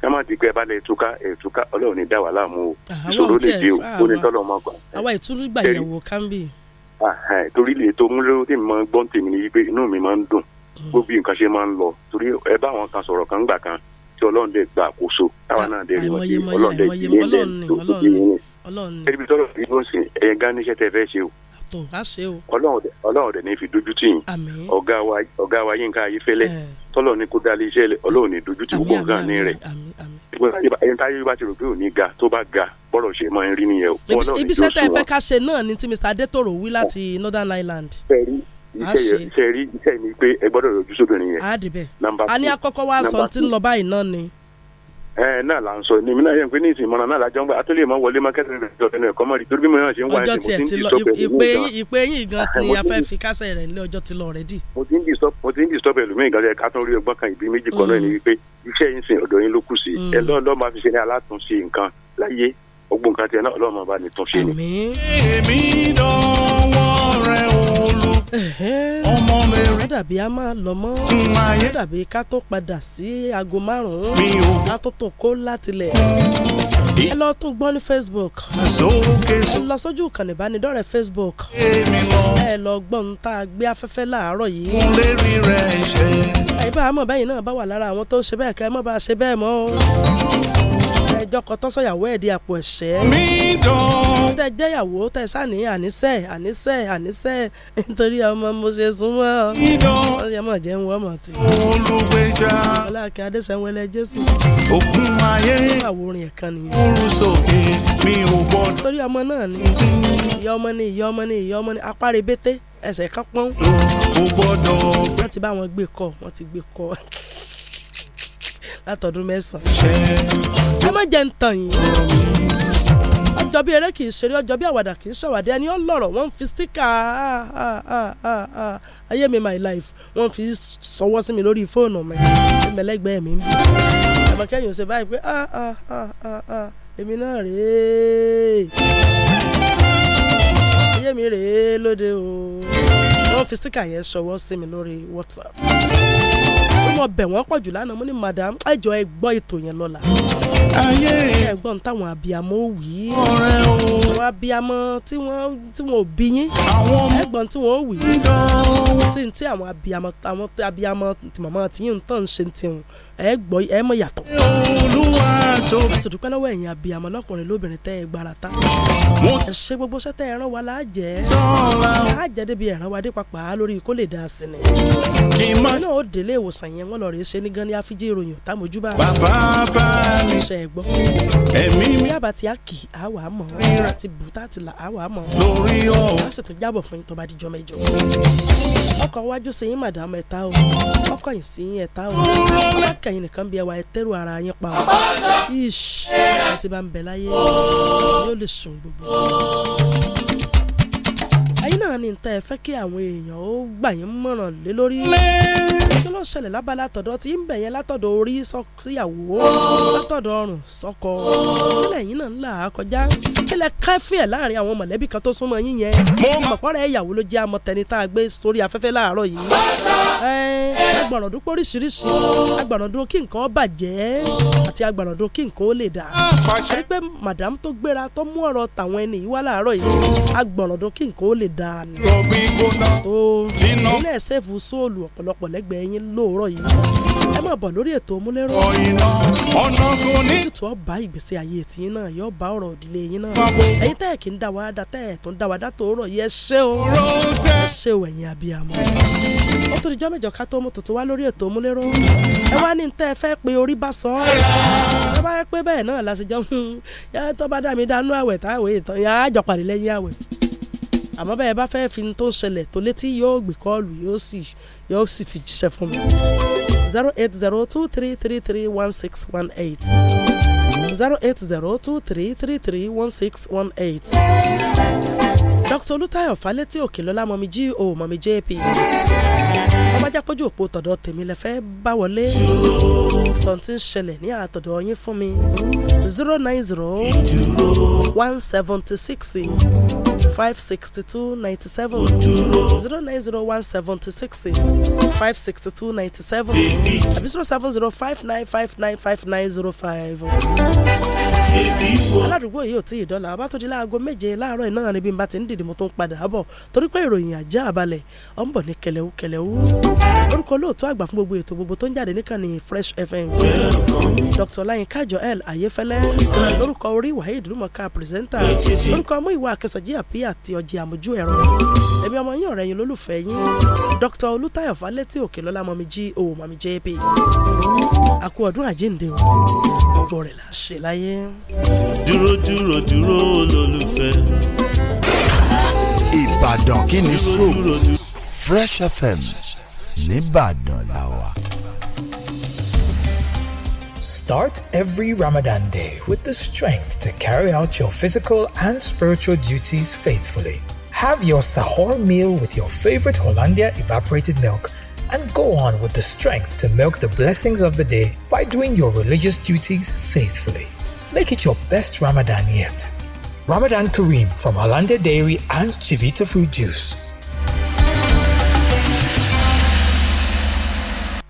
kama má di pé ẹ bá lè túká ẹ túká ọlọ́run ní dá wà láàmú o ìṣòro lè dé o ó ní tọ́lọ̀ ọmọ kan. àwa ìtúrú gbà yẹ̀wò kámbì. torí lè tó múlẹ́rọ́ tí mi máa ń gbọ́n tèmi ni wípé inú mi máa ń dùn mm. gbóbi nǹkan ṣe máa ń lọ torí ẹ bá àwọn kan sọ̀rọ̀ kan gbà kan tí ọlọ́run lè gba àkóso táwa náà lè rí wọn tí ọlọ́run lè jí lé tó tó bí yín ní tó a ṣe o. ọlọ́run dẹ̀ ní fi dojú tì yín ọ̀gá wa yínká ayífẹ́lẹ́ tọ́lọ̀ ní kó dalẹ̀ iṣẹ́ lẹ̀ ọlọ́run ní dojú tì gbogbo nǹkan ní rẹ̀ ẹni táyé bá ti rò pé ò ní ga tó bá ga bọ́rọ̀ ṣe máa ń rí nìyẹn o. ibi iṣẹ́ tẹ́ ẹ fẹ́ ká ṣe náà ni ti Mr. Adétòrò wí láti Northern Ireland iṣẹ́ iṣẹ́ rí iṣẹ́ mi pé ẹ gbọ́dọ̀ yọjú sóbìnrin yẹn. a dìbẹ̀ a ní àkọ́kọ́ wa sọ ti ń lọ báyìí náà ni ẹ eh, náà là ń sọ ní mi yẹn pé ní ìsìn mọ́nà náà lájọ́ ń gbà atọ́lé ìmọ̀ wọlé mákẹ́tì rẹ̀ jọ tẹnu ẹ̀kọ́ mọ́rin torí bí mo náà ṣe ń wá ẹ̀sìn mo ti ń di sọ́pẹ̀ ẹ̀lòmíì gan. ìpè yín gan ni a fẹ́ fi kásẹ̀ rẹ̀ nílé ọjọ́ ti lọ rẹ̀ dì. mo ti ń di sọ́pẹ̀ ẹ̀lòmíì gan ká tán rí ọgbọ́n kan ìbí méjì kan náà ni mm. wípé iṣẹ́ yín sìn ọ̀dọ̀ yín ló kù sí mm. ẹ lọ́ọ̀ ọmọ mi rẹ̀. dàbí a máa lọ mọ́. ó dàbí ká tó padà sí aago márùn-ún. mi ò. látòtò kó látilẹ̀ ẹ lọ tún gbọ́ ní facebook ẹ lọ sójú ìkànnì ìbánidọ́rẹ̀ẹ́ facebook ẹ lọ gbọ́ ohun tá gbé afẹ́fẹ́ láàárọ̀ yìí. ẹ bá a mọ̀ bẹ́yìn náà bá wà lára àwọn tó ń ṣe bẹ́ẹ̀ kẹ́ ẹ mọ̀ bá a ṣe bẹ́ẹ̀ mọ́ o tẹ́jọ́ kọ tọ́sọ̀yàwó ẹ̀ di àpò ẹ̀ṣẹ́. mi dùn. tẹ́ jẹ́ ìyàwó tẹ́ sani àníṣe àníṣe àníṣe nítorí ọmọ mo ṣe súnmọ́. mi dùn. wọ́n yẹ mọ̀ jẹ́ ń wọ́n mọ̀ tì. olùgbèjà. ọlákin adéṣẹ́wẹ́lẹ́ jésù. òkun ayé. àwòrán ẹ̀kan nìyẹn. oorun sókè mi ò gbọ́dọ̀. nítorí ọmọ náà ni ìyá ọmọ ni ìyá ọmọ ni ìyá ọmọ ni apárẹ̀bẹ́tẹ́ ẹsẹ̀ kan pọ́n. gbọ́dọ̀. wọ́n ti bá wọn gbé kọ́ wọ́n ti gbé kọ́. látọdún mẹ́sàn-án ẹ má jẹ́ ń tàn yín ọjọ́ bí eré kì í ṣeré ọjọ́ bí àwàdà kì í ṣàwàdà ẹni ọlọ́rọ̀ wọ́n fi stika ayé mi my life wọ́n fi sọwọ́ sí mi lórí fóònù mi ṣe mẹ́lẹ́gbẹ́ mi ń bí àmọ́ kẹ́yìn ṣe báyìí pé èmi náà rèé ayé mi rèé lóde o wọ́n fi stika yẹn ṣọwọ́ sí mi lórí WhatsApp tí mo bẹ̀ wọ́n pọ̀ jù lánàá mo ní madam ẹ ẹ gbọ́ ètò yẹn lọ́la ayé ẹ̀gbọ́n táwọn abiyamọ wí ọ̀rẹ́ o àwọn abiyamọ tí wọ́n tí wọ́n bí yín ẹ̀gbọ́n tí wọ́n wí sí ti àwọn abiyamọ àwọn abiyamọ tí màmá tí yín ń tàn ṣe ti hùn ẹ gbọ́ ẹ mọ̀ yàtọ̀. olúwa tó. sùdùpẹ́ lọ́wọ́ ẹ̀yin abiyamọ lọ́kùnrin lóbìnrin tẹ́ ẹ gbára ta. ẹ gbogbo sẹ́tẹ̀ ẹran wa láàjẹ́ láàjẹ́ débi ẹran wa dé papà lórí kó lè sí ni. kí n má. náà ó délé ìwòsàn yẹn yẹn wọ́n lọ rèé ṣe ní gan àfijì ìròyìn támojúbà. bàbá bá mi ṣe é gbọ́. ẹ̀mí mi. bí àbàtì á kì á wà á mọ̀ ọ́ àti bùtá àti là á wà á mọ̀ ọ́. lórí ọ̀. láti tún jábọ̀ fún yín tó bá dijọ́ mẹ́jọ. ọkọ̀ wájú sí yín màdàmú ẹ̀ta o ọkọ̀ yìí sí yín ẹ̀ta o ọlọ́kẹ̀yìn nìkan bí ẹwà ẹ̀tẹ́rù ara yín pa o. ish àti bá ń bẹ̀ láyé yóò lè sùn gbogbo náà ni nǹkan ẹ fẹ́ kí àwọn èèyàn ó gbà yín mọ̀ràn lé lórí. kí ló ṣẹlẹ̀ lábala tọ̀dọ̀ tí ń bẹ̀ yẹn látọ̀dọ̀ orí síyàwó látọ̀dọ̀ ọrùn sọ́kọ. kílẹ̀ yín náà ń là á kọjá kílẹ̀ káfí ẹ̀ láàrin àwọn mọ̀lẹ́bí kan tó súnmọ́ yín yẹn. mọ̀pọ̀ rẹ̀ ìyàwó ló jẹ́ amọ̀tẹni tá a gbé sórí afẹ́fẹ́ láàárọ̀ yìí. agbọ̀nràndún pé oríṣiríṣi kí nǹkan bàjẹ́ lè dà àmì tó ìpínlẹ̀ sẹ́fù sóòlù ọ̀pọ̀lọpọ̀ lẹ́gbẹ̀ẹ́ yín lóòrọ̀ yìí ẹ máa bọ̀ lórí ètò múlẹ́rọ̀ ojútùú ọba ìgbésí ayé tiyín náà yóò bá ọ̀rọ̀ òdìlé yín náà ẹ̀yin tẹ́ ẹ̀ kí ń dá wa dá tẹ́ ẹ̀ tó ń dá wa dá tó rọ̀ yẹ ṣé o ẹ ṣé o ẹ̀yin abiyamọ. ó tó di jọ́ mẹ́jọ ká tó mú tuntun wá lórí ètò múlẹ́rọ̀ ẹ wá ní tẹ́ ẹ fẹ́ pé orí bá sọ ọ́ tó bá yẹ pé bẹ́ẹ̀ náà la ṣe jọ hmm, tó bá dá mi dánú àwẹ̀ táwẹ̀ ìtàn á jọ pàdé lẹ́yìn àwẹ̀ àmọ́ bẹ́ẹ̀ bá fẹ́ẹ́ fi tó ń ṣẹlẹ̀ tó létí yóò gbé kọ́ọ̀lù yóò sì yóò sì fi jíṣẹ́ fún mi. zero eight zero two three three three one six one eight zero eight zero two three three three one six one eight. Dr. Olútáyọ̀ Fálétí Òkèlọ́lá mọ̀mí G.O. mọ̀mí J.P. ọba jápọ́jú òpó tọ̀dọ̀ tèmi lẹ fẹ́ bá wọlé sọ̀n tí ń ṣẹlẹ̀ ní àtọ̀dọ̀ yín fún mi zero nine zero one seventy six five sixty two ninety seven zero nine zero one seventy six five sixty two ninety seven àbí zero seven zero five nine five nine five nine zero five. aládùúgbò yìí ò tí ì dọ́là ọba tó di láago méje láàárọ̀ iná níbi bá ń dìde mo tó ń padà bọ̀ torí pé ìròyìn àjá àbalẹ̀ ọ̀ ń bọ̀ ní kẹlẹ́wú kẹlẹ́wú orúkọ olóòtú àgbà fresh fm dr láyínká joel ayéfẹ́lẹ́ lórúkọ orí wahid lumọ̀ká pírẹsẹ́ńtà lórúkọ ọmọ ìwà akẹsàjíyà p àbí àti ọjì àmójú ẹ̀rọ ẹ̀mí ọmọ yín ọ̀rẹ́ yín lólùfẹ́ yín Dr Olútáyọ̀ Fálétí Òkèlọ́lá mọ̀mí jí òun mọ̀mí jp àkú ọdún àjíǹde o gbogbo rẹ̀ là ń ṣe láyé. dúró dúró dúró lólùfẹ́. Ìbàdàn kí ni so Fresh FM nìbàdàn làwà. Start every Ramadan day with the strength to carry out your physical and spiritual duties faithfully. Have your sahur meal with your favorite Hollandia evaporated milk and go on with the strength to milk the blessings of the day by doing your religious duties faithfully. Make it your best Ramadan yet. Ramadan Kareem from Hollandia Dairy and Chivita Fruit Juice.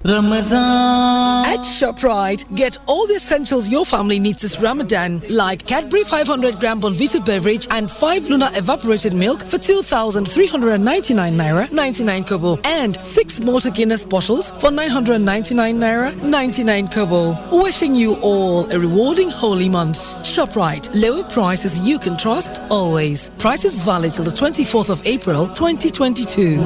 Ramazan. At ShopRite, get all the essentials your family needs this Ramadan, like Cadbury 500 gram Bonvita beverage and 5 Luna evaporated milk for 2,399 naira 99 kobo, and 6 Malta Guinness bottles for 999 naira 99 kobo. Wishing you all a rewarding holy month. ShopRite, lower prices you can trust always. Prices valid till the 24th of April 2022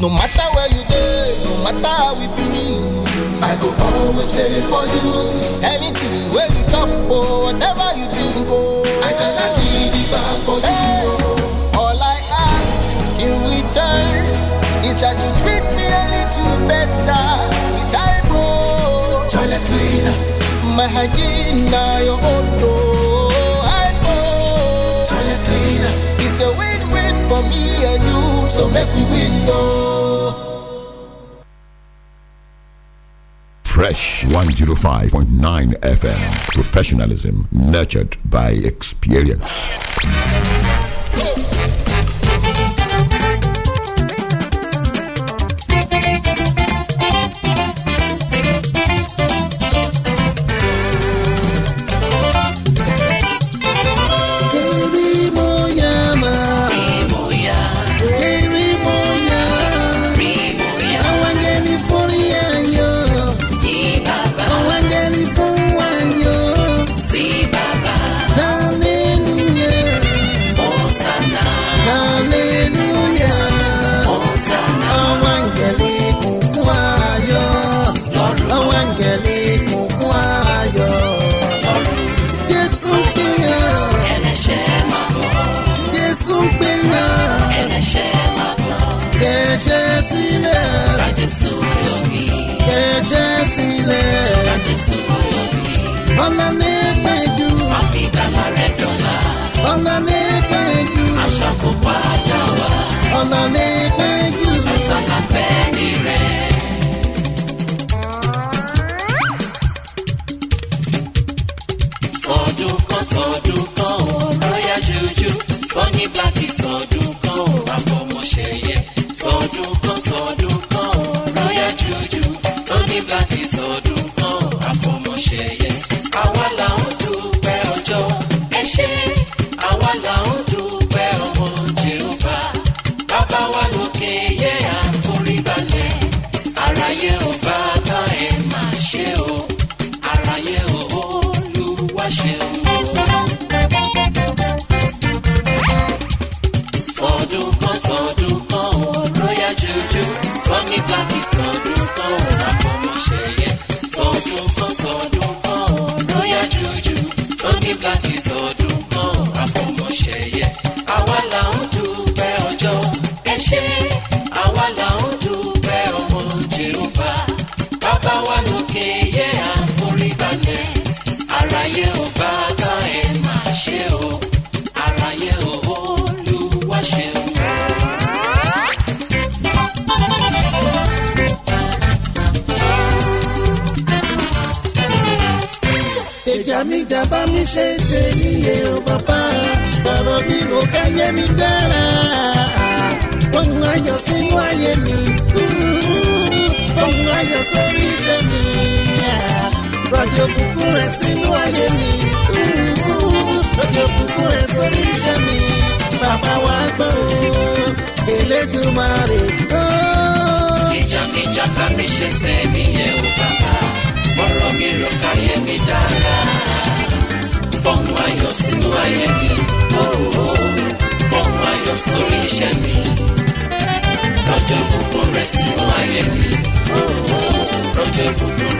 no matter where you go no matter how we be i go always ready for you anything wey you talk or oh, whatever you drink go oh. i gada gidigba for you oh. all i ask in return is that you treat me a little better with time toilet cleaner my hygiene na your own for me and you, so make we win, no. Fresh 105.9 FM. Professionalism nurtured by experience. ọ̀nà ní péjú. sọ́sọ́ la fẹ́ ní rẹ̀. sọdún kan sọdún kan ò lọ́yà jújú sọ ní blákì sọdún kan ò àfọmọṣẹyẹ sọdún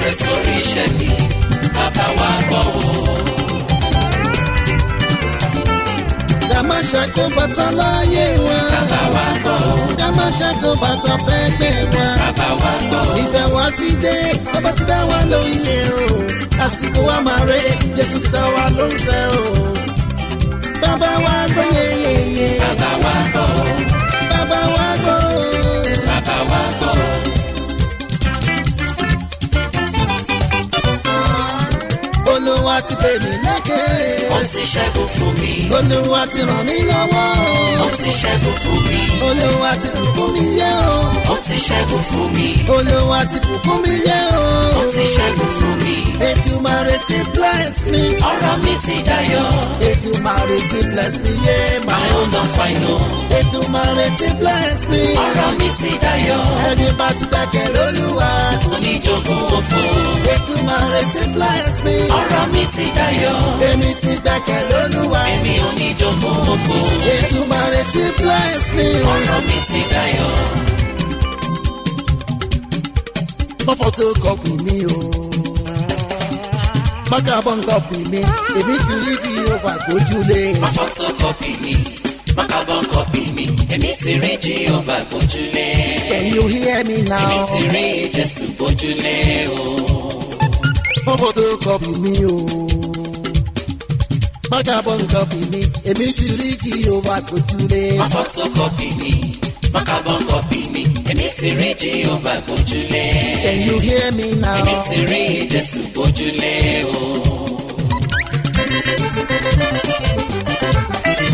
restoration ni bàbá wa gbọ́ o. Dàmá ṣàkó bàtà láyé wa. Bàbá wa gbọ́ o. Dàmá ṣàkó bàtà fẹ́ gbé wa. Bàbá wa gbọ́ o. Ìgbà wa ti dé, bàbá ti dá wa lóye o. Àsìkò wa máa ré, Jésù ti dá wa lóúnjẹ o. Bàbá wa gbọ́ yeyeye. Bàbá wa gbọ́ o. Bàbá wa gbọ́ o. Bàbá wa gbọ́ o. olúwa ti pè mí lékè. ó ti ṣẹ́gun fún mi. olúwa ti ràn mí lọ́wọ́. ó ti ṣẹ́gun fún mi. olúwa ti bùkún mi yẹ o. ó ti ṣẹ́gun fún mi. olúwa ti bùkún mi yẹ o. ó ti ṣẹ́gun fún mi. ètùmọ̀rẹ́ ti bless me. ọ̀rọ̀ mi ti dayọ̀. ètùmọ̀rẹ́ ti bless me yé ma. my own don find o. ètùmọ̀rẹ́ ti bless me. ọ̀rọ̀ mi ti dayọ̀. ẹni bá ti gbẹ́kẹ̀ lólúwa. oníjogún òfò. ètùmọ̀rẹ́ ti bless me. ọ̀rọ̀ mi èmi ti dayọ̀. èmi ti gbẹ̀kẹ̀ lólúwa. èmi ò ní jogún òfò. ètùmọ̀ rẹ̀ ti bless me. ọ̀rọ̀ mi ti dayọ̀. mọ́fọ́ tó kọ́pù mi o. mọ́kàbọ̀ ń kọ́pù mi. èmi ti rí bí ova gbójúlé. mọ́fọ́ tó kọ́pù mi. mọ́kàbọ̀ ń kọ́pù mi. èmi ti rí jí ova gbójúlé. can you hear me now? èmi ti rí jésù gbójúlé o fún photocopy mi o markabon copy mi èmi ti rí kí o wá gbójúlé. má photocopy mi markabon copy mi èmi ti rí kí o wá gbójúlé. can you hear me now. èmi ti rí Jésù gbójúlé o.